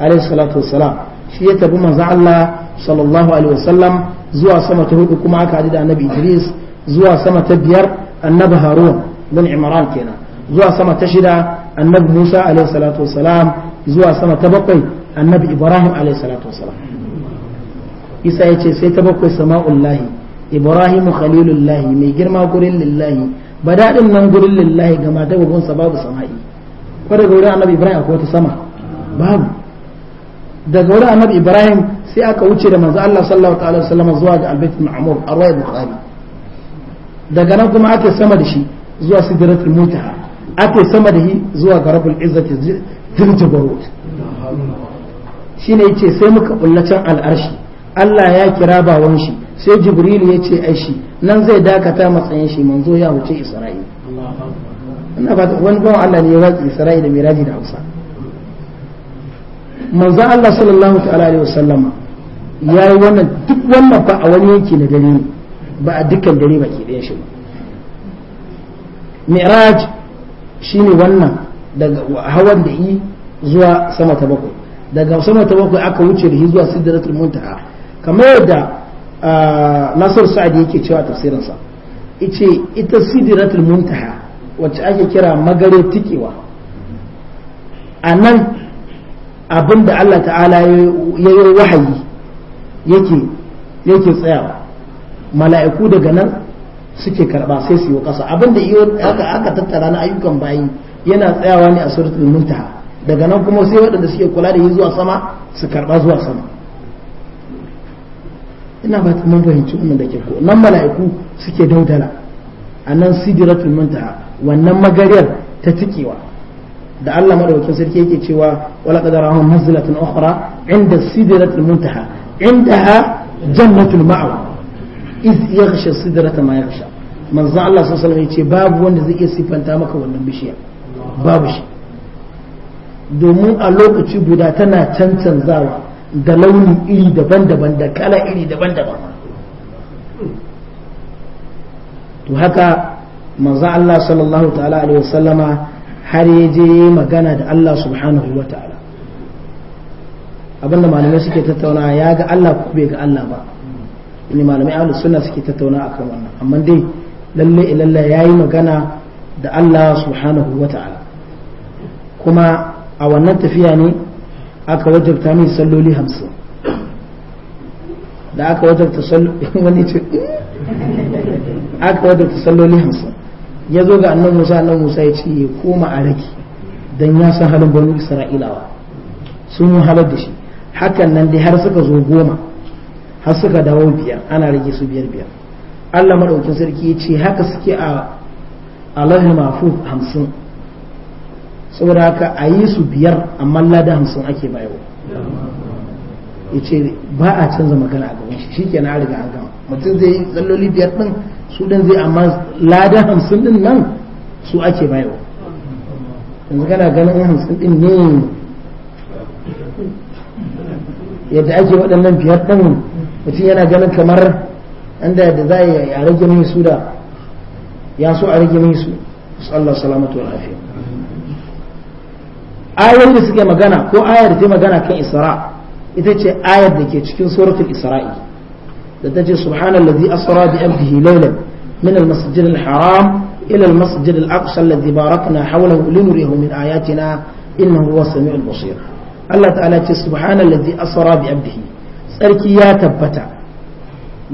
Speaker 1: alaihi salatu wassalam shi ya tafi manzon Allah sallallahu alaihi wasallam zuwa sama ta hudu kuma aka haɗu da annabi idris zuwa sama ta biyar annabi harun bin imran kenan zuwa sama ta shida annabi musa alaihi salatu wassalam zuwa sama ta bakwai annabi ibrahim alaihi salatu wassalam isa ya ce sai ta bakwai sama'ullahi ibrahim khalilullahi mai girma gurin lillahi ba daɗin nan gurin lillahi ga mata babbansa babu sama'i ko daga wurin annabi ibrahim akwai wata sama babu daga wurin annabi ibrahim sai aka wuce da manzo Allah sallallahu ta'ala wasallam zuwa ga albayt al-ma'mur arwaya bukhari daga nan kuma ake sama da shi zuwa sidratul muntaha ake sama da shi zuwa ga rabbul izzati dirjabarut shine yace sai muka bullacin al'arshi Allah ya kira bawon shi sai jibril ya ce aishi nan zai dakata matsayin shi manzo ya wuce isra'il ina ba wani bawan Allah ne ya watsi da miraji da hausa manzo Allah sallallahu alaihi wasallama ya yi wannan duk wannan ba a wani yanki na dare ba a dukkan dare ba ke ɗayan shi ba mi'raj shine wannan daga hawan da yi zuwa sama ta bakwai daga sama ta bakwai aka wuce da yi zuwa sidratul muntaha kamar yadda nasar sa'adi yake cewa tafsirinsa ice ita sidiratul muntaha wacce ake kira magare tikewa a nan abin da Allah ta'ala ya yi wahayi yake yake tsayawa mala'iku daga nan suke karba sai su yi kasa abin da aka aka tattara na ayyukan bayi yana tsayawa ne a suratul muntaha daga nan kuma sai waɗanda suke kula da yi zuwa sama su karba zuwa sama ina ta mun fahimci wannan da ke ko nan mala'iku suke daudala a nan sidratul muntaha wannan magariyar ta tikewa da Allah madaukakin sarki yake cewa wala qadarahum manzilatan ukhra inda sidratul muntaha indaha jannatul ma'wa iz yaghsha sidrata ma yaghsha manzo Allah sallallahu alaihi wasallam yace babu wanda zai iya sifanta maka wannan bishiya babu shi domin a lokaci guda tana cancanzawa da launi iri daban-daban da kala iri daban-daban to haka manzo Allah sallallahu ta'ala alaihi wasallama har ya je magana da Allah subhanahu wa ta'ala abinda malamai suke tattauna ya ga Allah ko bai ga Allah ba ne malamai ahlus sunna suke tattauna akan wannan amma dai lalle ilalla yayi magana da Allah subhanahu wa ta'ala kuma a wannan tafiya ne aka wajabta min salloli hamsin da aka wajabta <laughs> wani ce eh. aka wajabta salloli hamsin ya zo ga annan musa annan musa ya ce ya koma a raki don ya san halin banu isra'ilawa sun yi halar da shi hakan nan dai har suka zo goma har suka dawo biyar ana rage su biyar biyar allah maɗaukin sarki ya ce haka suke a alal mafuf hamsin saboda haka a yi su biyar amma lada hamsin ake bayo ya ce ba a canza magana a gaban shi shi ke na riga an gama mutum zai yi tsalloli biyar ɗin su dan zai amma lada hamsin ɗin nan su ake bayo yanzu kana ganin hamsin ɗin ne yadda ake waɗannan biyar din mutum yana ganin kamar inda da za a rage mai su da ya so a rage mai su Allah salamatu wa lafiya ayar da suke magana ko ayar da ta magana kan isra ita ce ayar da ke cikin suratul isra'i da ta ce subhanallazi asra bi abdihi laylan min al-masjid al-haram ila al-masjid al-aqsa alladhi barakna hawlahu linuriyahu min ayatina innahu huwa samiul basir Allah ta'ala ce subhanallazi asra bi abdihi tsarki ya tabbata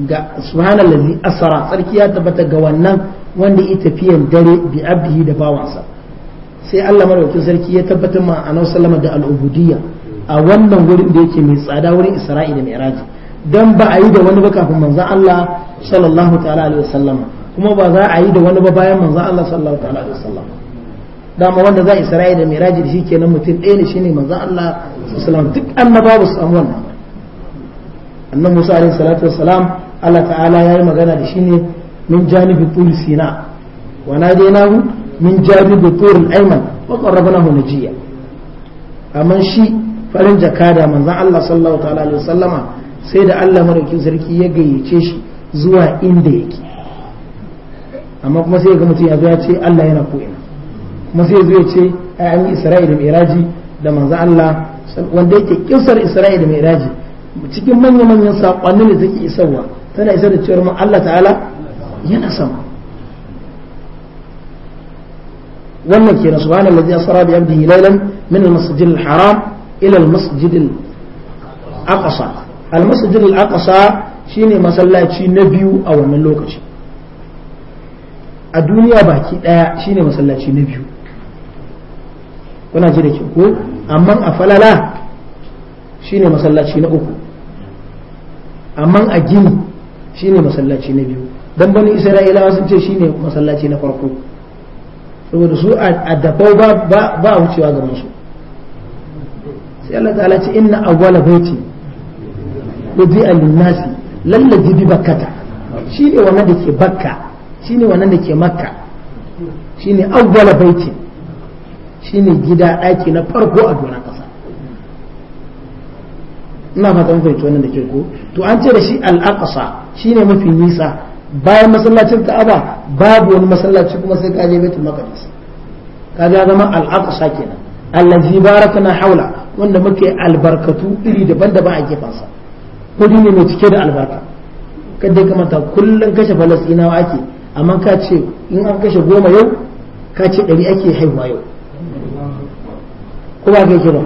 Speaker 1: ga subhanallazi asra ya tabbata ga wannan wanda ya tafiyan dare bi abdihi da bawansa sai Allah madaukakin sarki ya tabbatar ma a sallama da al'ubudiyya a wannan wurin da yake mai tsada wurin Isra'ila da Raji dan ba a yi da wani ba kafin manzon Allah sallallahu ta'ala alaihi wasallama kuma ba za a yi da wani ba bayan manzon Allah sallallahu ta'ala alaihi wasallama dama wanda za Isra'ila da Raji da shi nan mutum ɗaya ne shine manzon Allah sallallahu alaihi duk annabawa su samu wannan annabi Musa alaihi salatu wassalam Allah ta'ala ya yi magana da shi ne min janibi tul sina wa nadaynahu min janibi turul ayman wa qarrabnahu najiya amma shi farin jakada manzon Allah sallallahu ta'ala alaihi sallama sai da Allah madaukin sarki ya gayyace shi zuwa inda yake amma kuma sai ga mutum ya zo ya ce Allah yana ko'ina kuma sai zo ya ce ai an yi Isra'ila mai iraji da manzo Allah wanda yake kisar Isra'ila mai iraji cikin manya-manyan saƙonnin da take isarwa tana isar da cewar Allah ta'ala yana sama wannan kenan subhanallazi asra bi abdihi laylan min al-masjidil haram ila al-masjidil aqsa al-masjidil aqsa shine masallaci na biyu a wannan lokaci a duniya baki daya shine masallaci na biyu kuna ji da ke ko amma a falala shine masallaci na uku amma a gini shine masallaci na biyu dan bani isra'ilawa sun ce shine masallaci na farko saboda su a dafau ba a wucewa gaban su sai Allah ta'ala ce inna awwala baiti wudi al-nasi lallaji bi bakkata shine wannan da ke bakka shine wannan da ke makka shine awwala baiti shine gida daki na farko a donan ƙasa. ina fata mun fahimci wannan da ke ko to an ce da shi al shi ne mafi nisa bayan masallacin ka'aba babu wani masallaci kuma sai ka je baitul maqdis ka ga zama al-aqsa kenan allazi barakna haula wanda muke albarkatu iri daban-daban a gefansa kudi ne mai cike da albarka kada ka manta kullun kashe falastinawa ake amma ka ce in an kashe goma yau ka ce ɗari ake haihuwa yau
Speaker 2: ko ba kai kira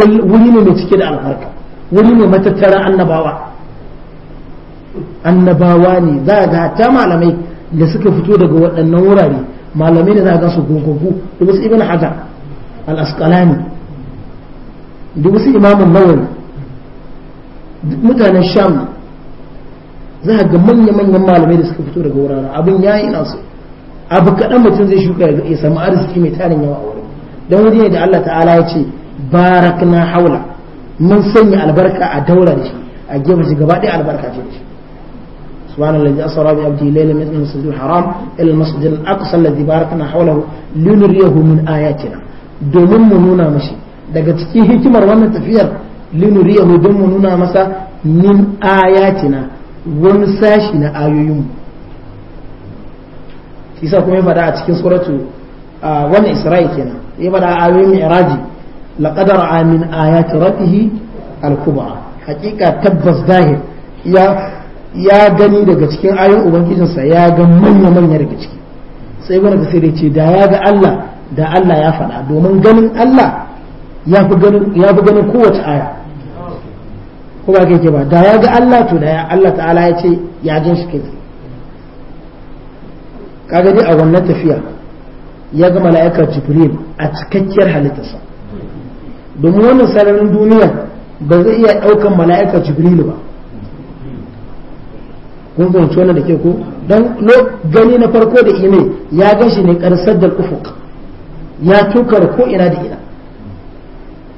Speaker 2: wuri ne mai cike
Speaker 1: da albarka wuri ne matattaran annabawa annabawa ne za ga ta malamai da suka fito daga waɗannan wurare malamai ne za ga su gogogo da wasu ibn hajar al-asqalani da wasu imamun mawar mutanen sham za ga manya-manyan malamai da suka fito daga wurare abin ya yi nasu abu kaɗan mutum zai shuka ya samu arziki mai tarin yawa a wurin don wuri ne da Allah ta'ala ya ce barak na haula mun sanya albarka a daura da shi a gefe shi gaba ɗaya albarka ce سبحان الذي أسرى بعبده ليلا من المسجد الحرام إلى المسجد الأقصى الذي باركنا حوله لنريه من آياتنا daga cikin hikimar wannan tafiyar linuriyahu don mu nuna masa min ayatina wani suratu wannan isra'i kenan ya fada ayoyin mi'raji laqad ra'a min ayati tabbas zahir ya ya gani daga cikin ayin ubangijinsa ya ga manya-manya daga ciki sai wani sai da ce da ya ga Allah da Allah ya faɗa domin ganin Allah ya fi ganin kowace aya ko ba kai ke ba da ya ga Allah to da Allah ta'ala ya ce ya gan shi kai ka gani a wannan tafiya ya ga mala'ika jibril a cikakkiyar halittarsa domin wannan sararin duniya ba zai iya ɗaukan mala'ika jibril ba kun fahimci wannan da ke ko don gani na farko da ime ya gashi ne karsar da ufuk ya tuka ko ina da ina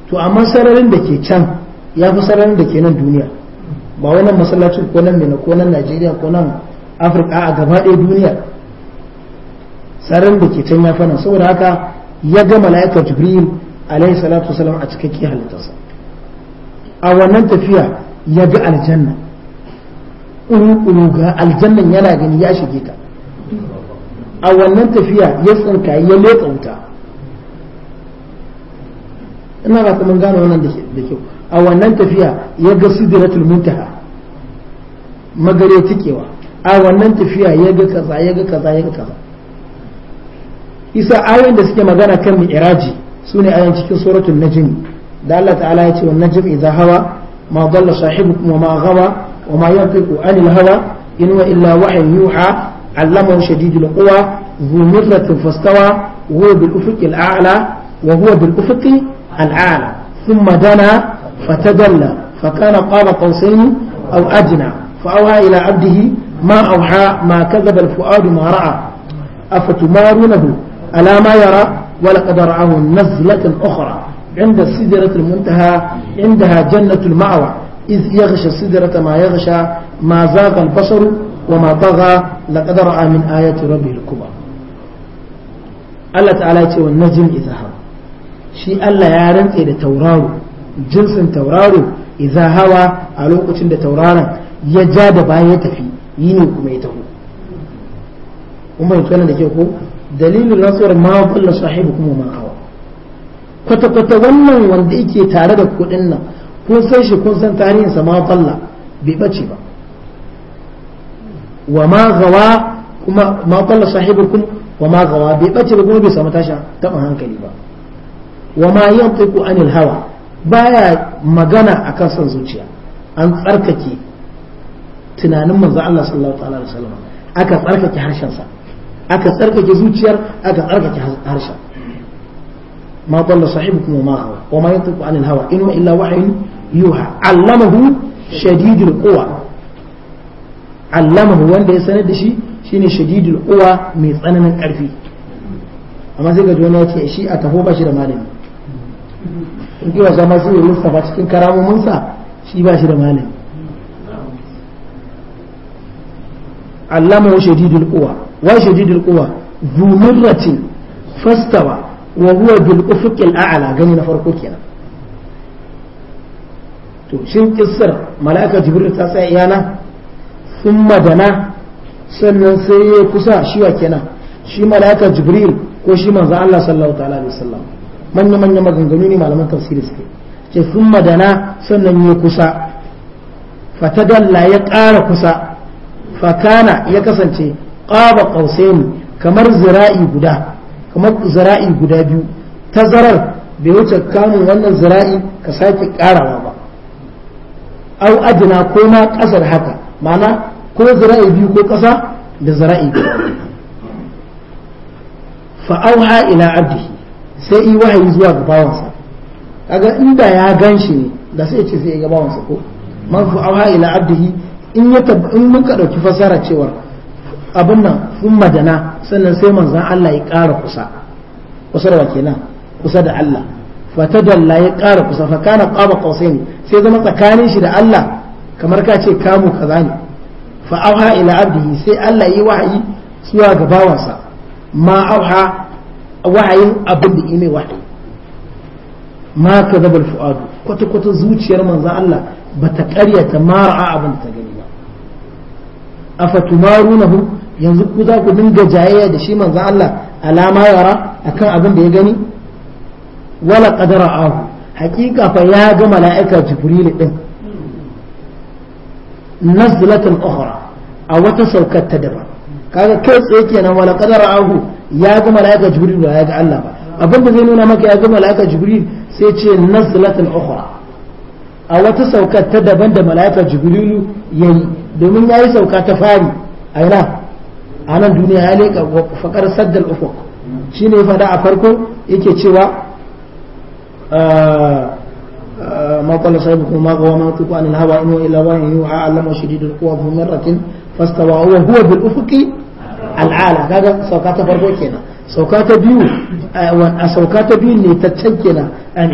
Speaker 1: to amma sararin da ke can ya fi sararin da ke nan duniya ba wai masallacin ko nan mena ko nan Najeriya ko nan Afirka a gaba ɗaya duniya sararin da ke can ya fana saboda haka ya ga mala'ika Jibril alaihi salatu wasalam a cikakken halittarsa a wannan tafiya ya ga aljanna ƙuruƙuru aljannan yana gani ya shige ta a wannan tafiya ya tsinka ya leta wuta ina ba mun gane wannan da kyau a wannan tafiya ya ga sidratul muntaha magare tikewa a wannan tafiya ya ga kaza ya ga kaza ya ga kaza isa ayoyin da suke magana kan mi'raji sune ayoyin cikin suratul najm da Allah ta'ala ya ce wan najm idza hawa ma dalla sahibukum wa ma ghawa وما ينطق عن الهوى إن هو إلا وحي يوحى علمه شديد القوى ذو مرة فاستوى وهو بالأفق الأعلى وهو بالأفق الأعلى ثم دنا فتدلى فكان قاب قوسين أو أدنى فأوحى إلى عبده ما أوحى ما كذب الفؤاد ما رأى أفتمارونه ألا ما يرى ولقد رآه نزلة أخرى عند السدرة المنتهى عندها جنة المأوى إذ يغشى السدرة ما يغشى ما زاغ البصر وما طغى لقد رأى من آيات ربه الكبرى Allah ta'ala ya ce wa najim idza hawa shi Allah ya rantse da tauraro jinsin tauraro idza hawa a lokacin da tauraron ya ja da baya ya tafi yi ne kuma ya taho kun bai kana da ke ko dalilin rasuwar ma kullu sahibu kuma ma hawa kwata kwata wannan wanda yake tare da kuɗin nan kun san shi kun san tarihinsa ma falla bai bace ba wa ma gawa kuma ma balla sahibukum wa ma gawa bai bace ba kuma bai samu tasha taɓa hankali ba wa ma yantiqu anil hawa baya magana akan son zuciya an tsarkake tunanin manzo Allah sallallahu alaihi wasallam aka tsarkake harshen sa aka tsarkake zuciyar aka tsarkake harshen ma ما ضل صاحبكم وما هوى وما ينطق عن الهوى إن إلا وحي yuha allamahu shadidul quwa allamahu wanda ya sanar da shi shine shadidul quwa mai tsananin karfi amma sai ga jona ya ce shi a taho ba shi da malami in kiwa sa masu yi mustafa cikin karamominsa shi ba shi da malami allamahu shadidul quwa wa shadidul quwa wa مرة فاستوى وهو بالأفق gani na farko kenan. to shin kissar mala'ika jibril ta tsaya iyana sun madana sannan sai ya kusa shi wa kenan shi mala'ika jibril ko shi manzo Allah sallallahu ta'ala alaihi wasallam manya manya maganganu ne malaman tafsiri suke ce sun madana sannan ya kusa fatadalla ya ƙara kusa fakana ya kasance qaba ƙausaini kamar zira'i guda kamar zira'i guda biyu tazarar bai wuce kamun wannan zira'i ka sake ƙarawa ba au adina ko ma kasar haka ma'ana ko zira'i biyu ko kasa da zira'i fa auha ila abdi sai yi wahayi zuwa ga bawansa kaga inda ya ganshi ne da sai ce sai ga bawansa ko man fa auha ila abdihi in ya in muka dauki fasara cewa abin nan sun madana sannan sai manzon Allah ya kara kusa kusa da kenan kusa da Allah fatadalla ya ƙara kusa fa kana qaba ne sai zama tsakanin shi da Allah kamar ka ce kamu kaza ne fa auha ila abdihi sai Allah yi wahayi zuwa ga bawansa ma auha wahayin abin da ne wahayi ma kadabal fuadu kwata kwata zuciyar manzo Allah bata karyata mara abin da ta gani ba afatumarunahu yanzu ku za ku dinga jayayya da shi manzo Allah alama yara akan abin da ya gani wala qadara ahu hakika fa ya ga mala'ika jibril din nazlatan ukhra a wata saukar ta daban kaga kai tsaye kenan wala qadara ahu ya ga mala'ika jibril ba ya ga Allah ba abin da zai nuna maka ya ga mala'ika jibril sai ce nazlatan ukhra a wata saukar ta daban da mala'ika jibrilu yi domin ya yi sauka ta fari a ina a nan duniya ya leka fakar saddal ufuq shine fada a farko yake cewa ما قال صاحبكم ما قوى ما تقوى عن الهوى إنه إلا وحي يوحى علمه شديد القوى في مرة فاستوى هو بالأفق al'ala kaga sauka farko kenan sauka biyu a sauka biyu ne ta kenan an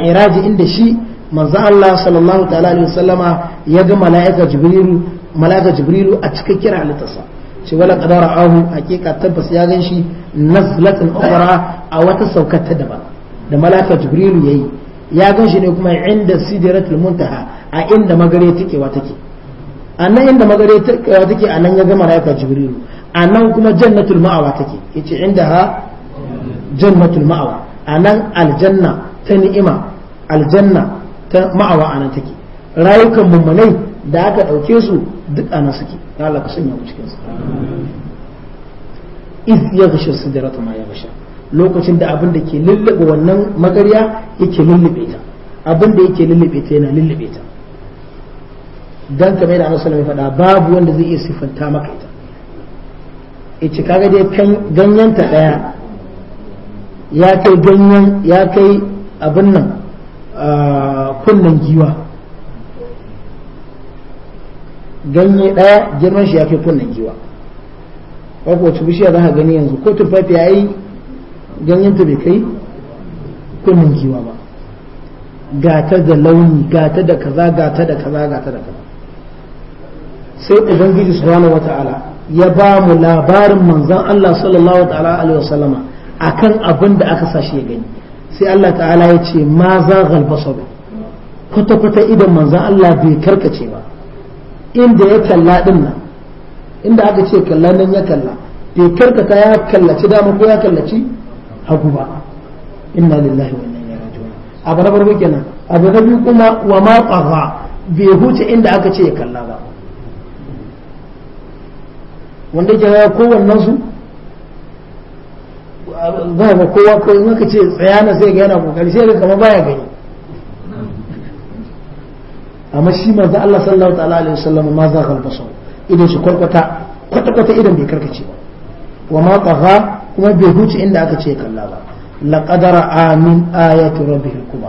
Speaker 1: inda shi manzo Allah sallallahu ta'ala alaihi wasallama ya ga mala'ika jibrilu mala'ika jibrilu a cikin kira halittarsa ce wala qadara ahu hakika tabbas ya ganshi nazlatan ukhra a wata saukar ta daban da mala'ika jibrilu yayi ya gan shi ne kuma inda sidratul muntaha a inda magare wa take a nan inda magare wa take a nan ya ga malaika jibrilu a nan kuma jannatul ma'awa take yace inda ha jannatul ma'awa a nan aljanna ta ni'ima aljanna ta ma'awa a nan take rayukan mummunai da aka ɗauke su duk a suke Allah ka sanya mu cikin su iz yaghsha sidratu ma yaghsha lokacin da abin da ke lullube wannan magarya yake lullube ta abin da yake lullube ta yana lullube ta dan kamar da Annabi ya faɗa babu wanda zai iya sifanta maka ita ita kaga dai ganyen ta daya ya kai ganyen ya kai abin nan kullun giwa ganye ɗaya girman shi ya kai kullun giwa ko ko tubishi za ka gani yanzu ko tufafi yayi ganyenta bai kai kunnin giwa ba gata da launi gata da kaza gata da kaza gata da kaza sai ubangiji subhanahu wata'ala ya ba mu labarin manzon Allah sallallahu ta'ala alaihi wasallama akan abin da aka sashi ya gani sai Allah ta'ala ya ce ma za galbasar kwata kwata idan manzon Allah bai karkace ba inda ya kalla din nan inda aka ce kalla nan ya kalla bai karkata ya kallaci dama ko ya kallaci hagu ba inna lillahi wa inna ilaihi raji'un abu na farko kenan abu na biyu kuma wa ma huce inda aka ce ya kalla ba wanda ke su ba ga kowa ko in aka ce tsaya na sai ga yana kokari sai ga kamar baya gani amma shi manzo Allah sallallahu ta'ala alaihi wasallam ma za ka idan shi kwata kwata idan bai karkace ba wa ma kuma bai huce inda aka ce kalla ba laqadara amin ayatu rabbihil kuma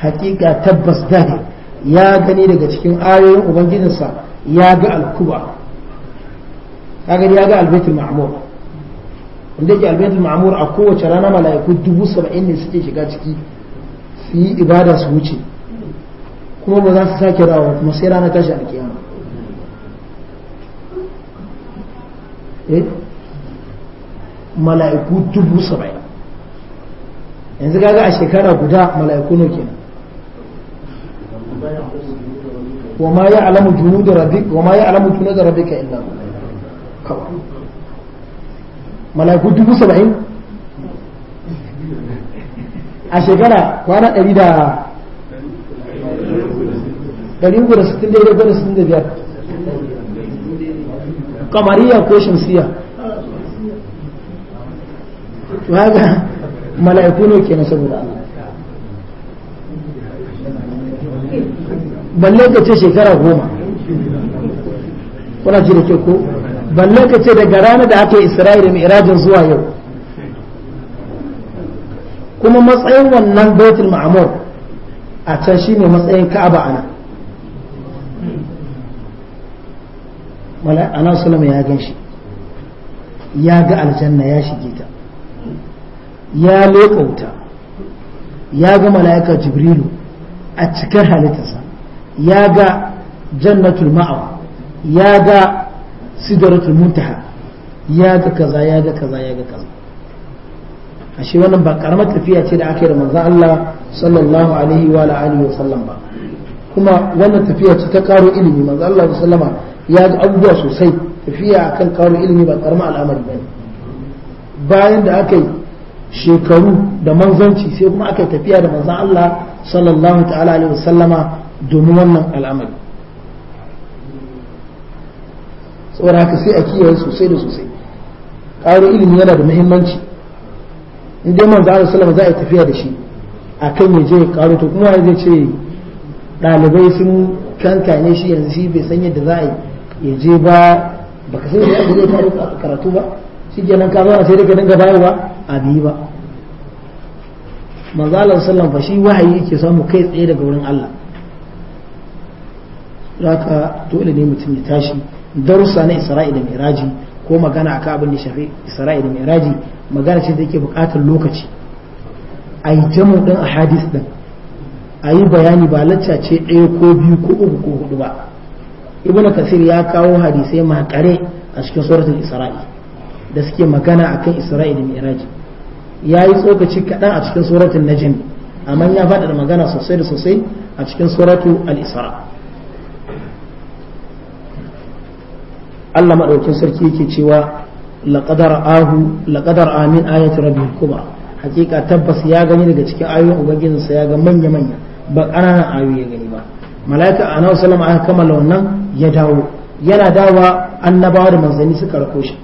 Speaker 1: hakika tabbas dare ya gani daga cikin ayoyin ubangijinsa ya ga alkuba ya gani ya ga al-baitul ma'mur wanda al-baitul ma'mur a kowace rana mala'iku dubu saba'in ne suke shiga ciki su yi ibada su wuce kuma ba za su sake dawo kuma sai rana tashi alkiyama eh mala'iku dubu saba'in yanzu kaga a shekara guda mala'iku ne kenan wa ma ya alamu junu da rabi wa ma ya alamu junu da rabi ka illa mala'iku dubu saba'in a shekara kwana ɗari da ɗari uku da sittin da biyar
Speaker 2: kamariya ko shamsiya
Speaker 1: to haka mala'iku ne kenan saboda Allah
Speaker 2: balle ka ce shekara goma
Speaker 1: kuna ji da ke ko balle ka ce daga ranar da aka yi isra'ila mai irajin zuwa yau kuma matsayin wannan baitul ma'amur a can shine matsayin ka'aba ana mala'ana sulama ya gan shi ya ga aljanna ya shige ta ya lokauta ya ga mala'ika jibrilu a cikin halittarsa ya ga jannatul ma'awa ya ga sidratul muntaha ya ga kaza ya ga kaza ya ga kaza ashe wannan ba karamar tafiya ce da aka yi da manzon Allah sallallahu alaihi wa alihi wa sallam ba kuma wannan tafiya ce ta karo ilimi manzon Allah sallallahu sallama ya ga abubuwa sosai tafiya akan karo ilimi ba karamar al'amari ba bayan da aka yi shekaru da manzanci sai kuma aka tafiya da manzan Allah sallallahu ta'ala alaihi wasallama domin wannan al'amari saboda haka sai a kiyaye sosai da sosai ƙaro ilimi yana da muhimmanci in dai manzan Allah sallama za a tafiya da shi a kan ya je ƙaro to kuma ya ce ɗalibai sun kankane shi yanzu shi bai san yadda za a yi ya je ba baka san yadda zai karatu ba shi nan ka zauna sai daga dinga bayarwa a biyu ba manzo Allah fa shi wahayi ke samu kai tsaye daga wurin Allah ka dole ne mutum ya tashi darussa na Isra'i da Miraji ko magana akan abin da shafi Isra'i da Miraji magana ce da yake buƙatar lokaci a yi jamu a hadis ɗin. a yi bayani ba lacca ce ɗaya ko biyu ko uku ko hudu ba ibnu kasir ya kawo hadisai makare a cikin suratul isra'i da suke magana a kan Isra'il da ya yi tsokaci kaɗan a cikin suratun najin amma ya faɗa da magana sosai da sosai a cikin suratul Al-Isra Allah maɗaukin sarki yake cewa laƙadar Amin laqad ra'a Kuma haƙiƙa hakika tabbas ya gani daga cikin ayoyin sa ya ga manya manya ba ƙananan ayoyi ya gani ba mala'ika a nan aka kammala wannan ya dawo yana dawa annabawa da manzanni suka rako shi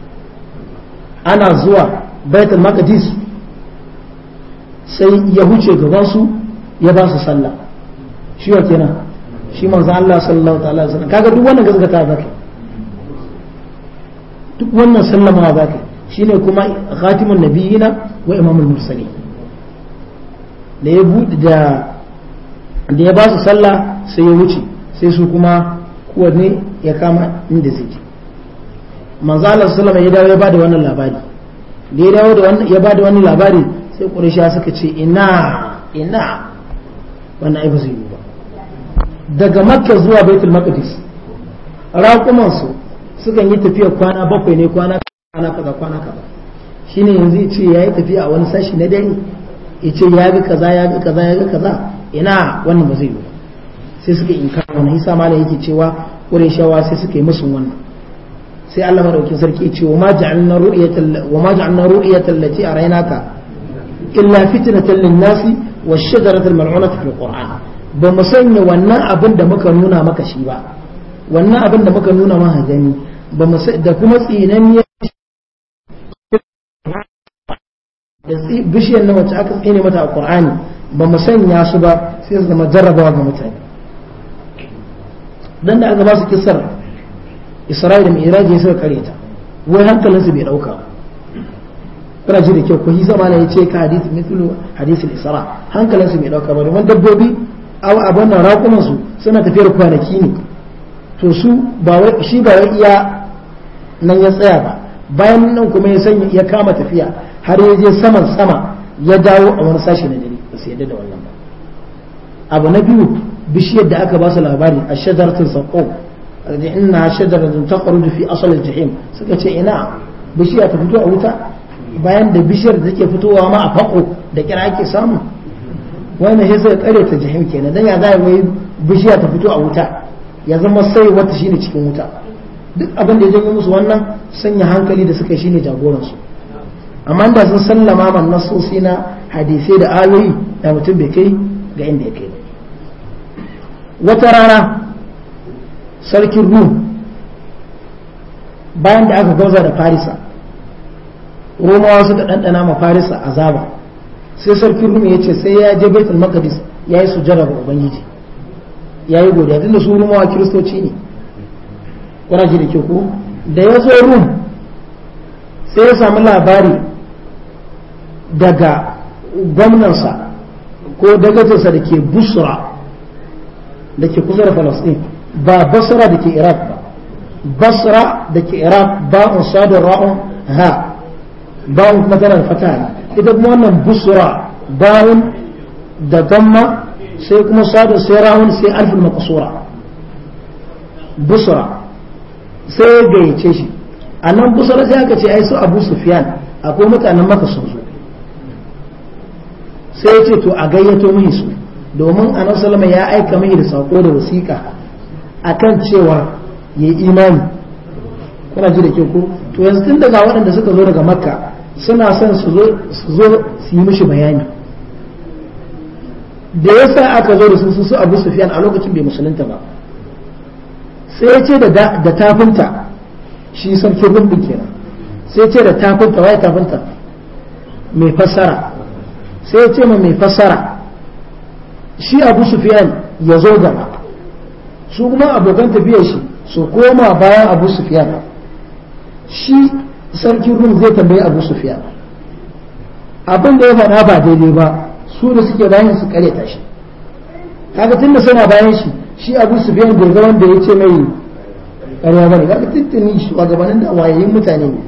Speaker 1: ana zuwa baitul maqdis sai ya huce gaban su ya ba su sallah shi wa kenan shi manzo Allah sallallahu ta'ala alaihi wasallam kaga duk wannan gaskata zaka duk wannan sallama zaka shine kuma khatimun nabiyina wa imamul mursalin da ya buɗe da da ya ba su sallah sai ya huce sai su kuma ne ya kama inda zai manzo Allah sallama ya dawo ya bada wannan labari da ya dawo da wannan ya bada wannan labari sai quraysha suka ce ina ina wannan ai ba yi ba daga makka zuwa baitul maqdis raƙuman su sukan yi tafiya kwana bakwai ne kwana kwana kaza kwana kaza shine yanzu ya ce ya yi tafiya a wani sashi na dare ya ce ya ga kaza ya ga kaza ya ga kaza ina wannan ba zai yi ba sai suka inkara wannan isa malam yake cewa qurayshawa sai suka yi musu wannan sai Allah madaukin sarki ce wa ma ja'alna ru'yatal wa a ja'alna ru'yatal lati araynaka illa fitnatan lin-nasi wash-shajaratal mal'unata fil qur'an ba mu sanya wannan abin da muka nuna maka shi ba wannan abin da muka nuna maka gani ba mu da kuma tsinanniya da bishiyar na wacce aka tsine mata a qur'ani ba mu sanya su ba sai su zama jarrabawa ga mutane dan da aka ba su kisar isra'i da iraji ya suka kare ta wai hankalinsu bai dauka kana ji da kyau ko hisa mana yace ka hadith mithlu hadith al-isra hankalinsu bai dauka ba domin dabbobi aw abun nan raƙuman su suna tafiyar kwanaki ne to su ba wai shi ba wai iya nan ya tsaya ba bayan nan kuma ya sanya ya kama tafiya har ya je saman sama ya dawo a wani sashi na dare ba su yadda da wannan ba abu na biyu bishiyar da aka ba su labari a shajartun sakko alladhi inna shajaratun takhruju fi asalin al-jahim suka ce ina bishiya ta fito a wuta bayan da bishiyar da take fitowa ma a fako da kira ake samu wannan shi zai kare ta jahim kenan dan ya za wai bishiya ta fito a wuta ya zama sai wata shine cikin wuta duk abin da ya janyo musu wannan sanya hankali da suka shine jagoransu. su amma da sun sallama man nasosi na hadisai da ayoyi da mutum bai kai ga inda ya kai wata rana sarkin ruhu bayan da aka gauza da farisa romawa suka ɗanɗana ma farisa azaba sai sarkin rum ya ce sai ya je baitul maqdis ya yi sujjara ga ubangiji ya yi godiya tunda su rumawa kiristoci ne kuna ji da ke ko da ya zo rum sai ya samu labari daga gwamnansa ko dagatarsa da ke busra da ke kusa da Falastin. ba basra da ke iraq ba basra da ke iraq ba'un sadar ra'un ha ba'un kuma tana fata ita kuma wannan busra ba'un da gamma sai kuma sadar sai ra'un sai alfin makasura busra sai ya gayyace shi a nan busra sai aka ce ai su abu sufyan akwai mutanen maka sun zo sai ya ce to a gayyato mini su domin anan salama ya aika mini da sako da wasiƙa akan cewa ya yi imani kuna ji da ke ko to yanzu tun daga waɗanda suka zo daga makka suna son su zo su yi mishi bayani da ya sa aka zo da su su abu sufiyan a lokacin bai musulunta ba sai ya ce da tafinta shi sarki rumbin kenan sai ya ce da tafinta waye tafinta mai fassara sai ya ce ma mai fassara shi abu sufiyan ya zo gaba su kuma abokan tafiyar shi su koma bayan abu sufiyan shi sarkin rum zai tambayi abu sufiyan abin da ya faɗa ba daidai ba su da suke bayan su karya shi kaga tunda suna bayan shi shi abu sufiyan da zama da ya ce mai karya ba ne kaga tuntuni shi gabanin da wayayin mutane ne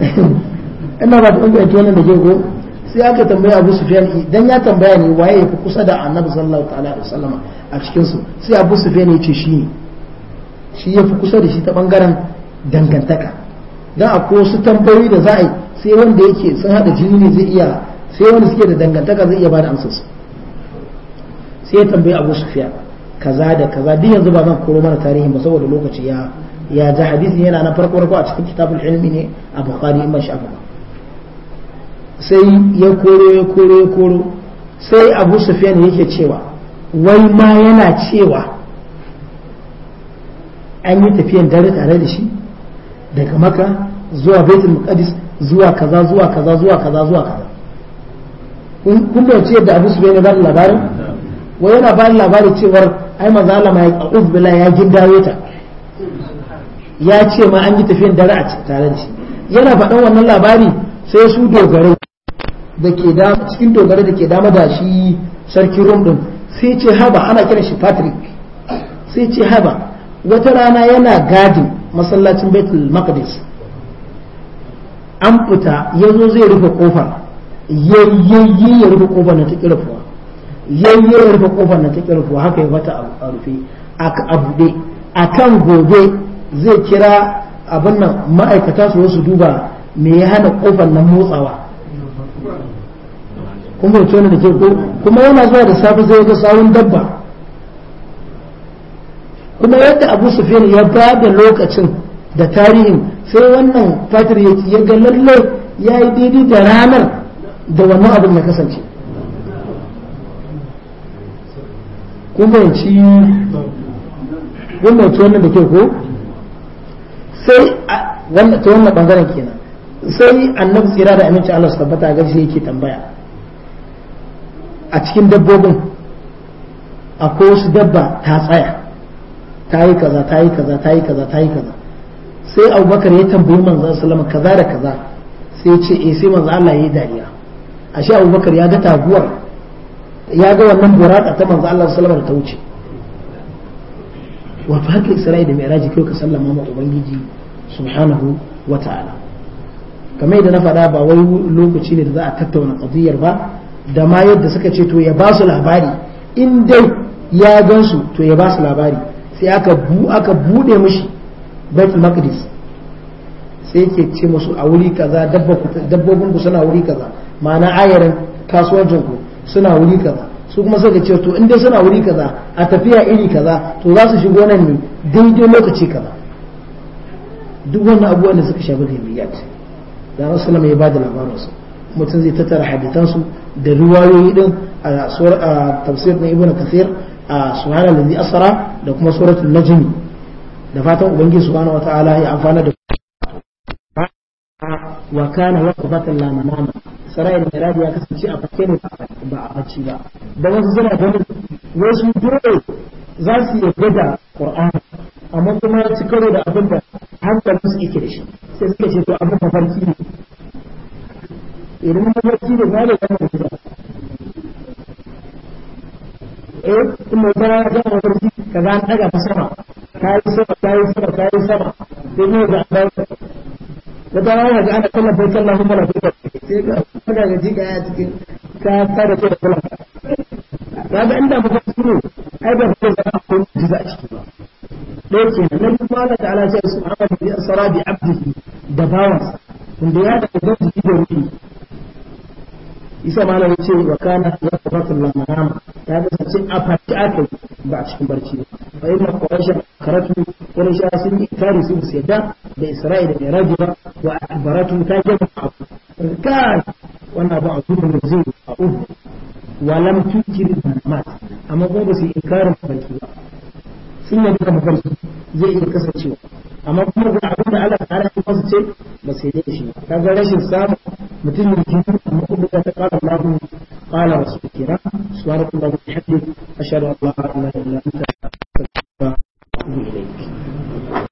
Speaker 1: <laughs> ina ba ta ɗan da ke ko sai aka tambaya Abu Sufyan idan ya tambaya ne waye ya fi kusa da Annabi sallallahu ta'ala alaihi wasallama a cikin su sai Abu Sufyan ya ce shi ne shi ya fi kusa da shi ta bangaren dangantaka dan akwai wasu tambayoyi da za a yi sai wanda yake sun hada jini ne zai iya sai wanda suke da dangantaka zai iya bada amsar su sai ya tambayi Abu Sufyan kaza da kaza duk yanzu ba zan koro mana tarihin ba saboda lokaci ya ya ji hadisin yana na farko farko a cikin kitabul ilmi ne a Bukhari in ban sha'afa sai ya koro ya koro ya koro sai abu sufyan yake cewa wai ma yana cewa an yi tafiyan dare tare da shi daga maka zuwa baitul muqaddis zuwa kaza zuwa kaza zuwa kaza zuwa kaza kun da ce da abu sufyan ya bada labarin wai yana bada labarin cewar ai manzo Allah ma ya a'udhu billahi ya gindaye ta ya ce ma an yi tafiyan dare a tare da shi yana faɗan wannan labari sai su dogare da ke da cikin dogara da ke dama da shi sarki rom din sai ce haba ana kiran shi patrick sai ce haba wata rana yana gadin masallacin baitul maqdis an fita ya zo zai rufe kofar yayyayi ya rufe kofar na ta kirfuwa yayyayi ya rufe kofar na ta kirfuwa haka ya bata a rufe a buɗe a kan gobe zai kira abin nan ma'aikata su wasu duba me ya hana kofar nan motsawa kuma wace tona da ke ko kuma yana zuwa da safe sai ga sawun dabba kuma yadda abu sufiyan ya ba da lokacin da tarihin sai wannan fatir ya ci ga lalle ya yi daidai da ranar da wannan abin ya kasance kuma yanci gwamnati tona da ke ko sai ta wannan bangaren kenan sai annabi tsira da aminci Allah su tabbata a gaishe yake tambaya a cikin dabbobin akwai wasu dabba ta tsaya ta yi kaza ta yi kaza ta yi kaza ta yi kaza sai abubakar ya tambayi manzon salama kaza da kaza sai ce eh sai manzon Allah ya yi dariya ashe abubakar ya ga taguwar ya ga wannan buraka ta manzon Allah sallama da ta wuce wa fa haka isra'i da mi'raji kai ka sallama ma ubangiji subhanahu wa ta'ala kamar yadda na faɗa ba wai lokaci ne da za a tattauna qadiyar ba da ma yadda suka ce to ya ba su labari in dai ya gansu to ya ba su labari sai aka buɗe aka bude mishi bait maqdis sai ke ce musu a wuri kaza dabbobin ku suna wuri kaza ma'ana ayarin kasuwancin ku suna wuri kaza su kuma suka ce to in dai suna wuri kaza a tafiya iri kaza to za su shigo nan ne daidai lokaci kaza duk wannan abubuwan da suka shafi ghaibiyat da Rasulullah ya ba da labarinsu mutum zai tattara hadisansu da riwayoyi din a tafsir na ibnu kathir a subhanal ladzi asara da kuma suratul najm da fatan ubangiji subhanahu wataala ya amfana da wa kana waqfatan la manama sarayar mirabi ya kasance a fake ne ba a bacci ba da wasu suna ganin wasu dole za su yi gwada qur'ani amma kuma ya ci karo da abin da hankalin su yake da shi sai suka ce to abin mafarki ne idan na bacci da na da zama da in mai gara ga ka za daga sama ta sama ta sama sama sai wata rana ana bai bai sai daga cikin ka da kallon
Speaker 2: ka
Speaker 1: ga inda ne a ciki ba ɗaya ke nan nan kuma Allah da bawansa wanda ya da jiki da ruhi isa ma lai ce wa kana zafatul lamarama ta kasance a farki aka ba a cikin barci ba yi inna quraisha karatu quraisha sun yi kare su su da isra'ila da rabi ba wa baratu ta jama'a kan wannan ba a zuba da zai a uku wa lam tunkir manamat amma ko ba su inkarin farki ba sun duka mafarki zai iya kasancewa amma kuma ga abin da Allah ta'ala ya masa ce ba sai dai shi kaga rashin samu mutum ne ke amma kuma da ta kara Allah qala rasul kira subhanallahi wa bihamdihi ashhadu an la ilaha illa anta astaghfiruka wa atubu
Speaker 2: ilayk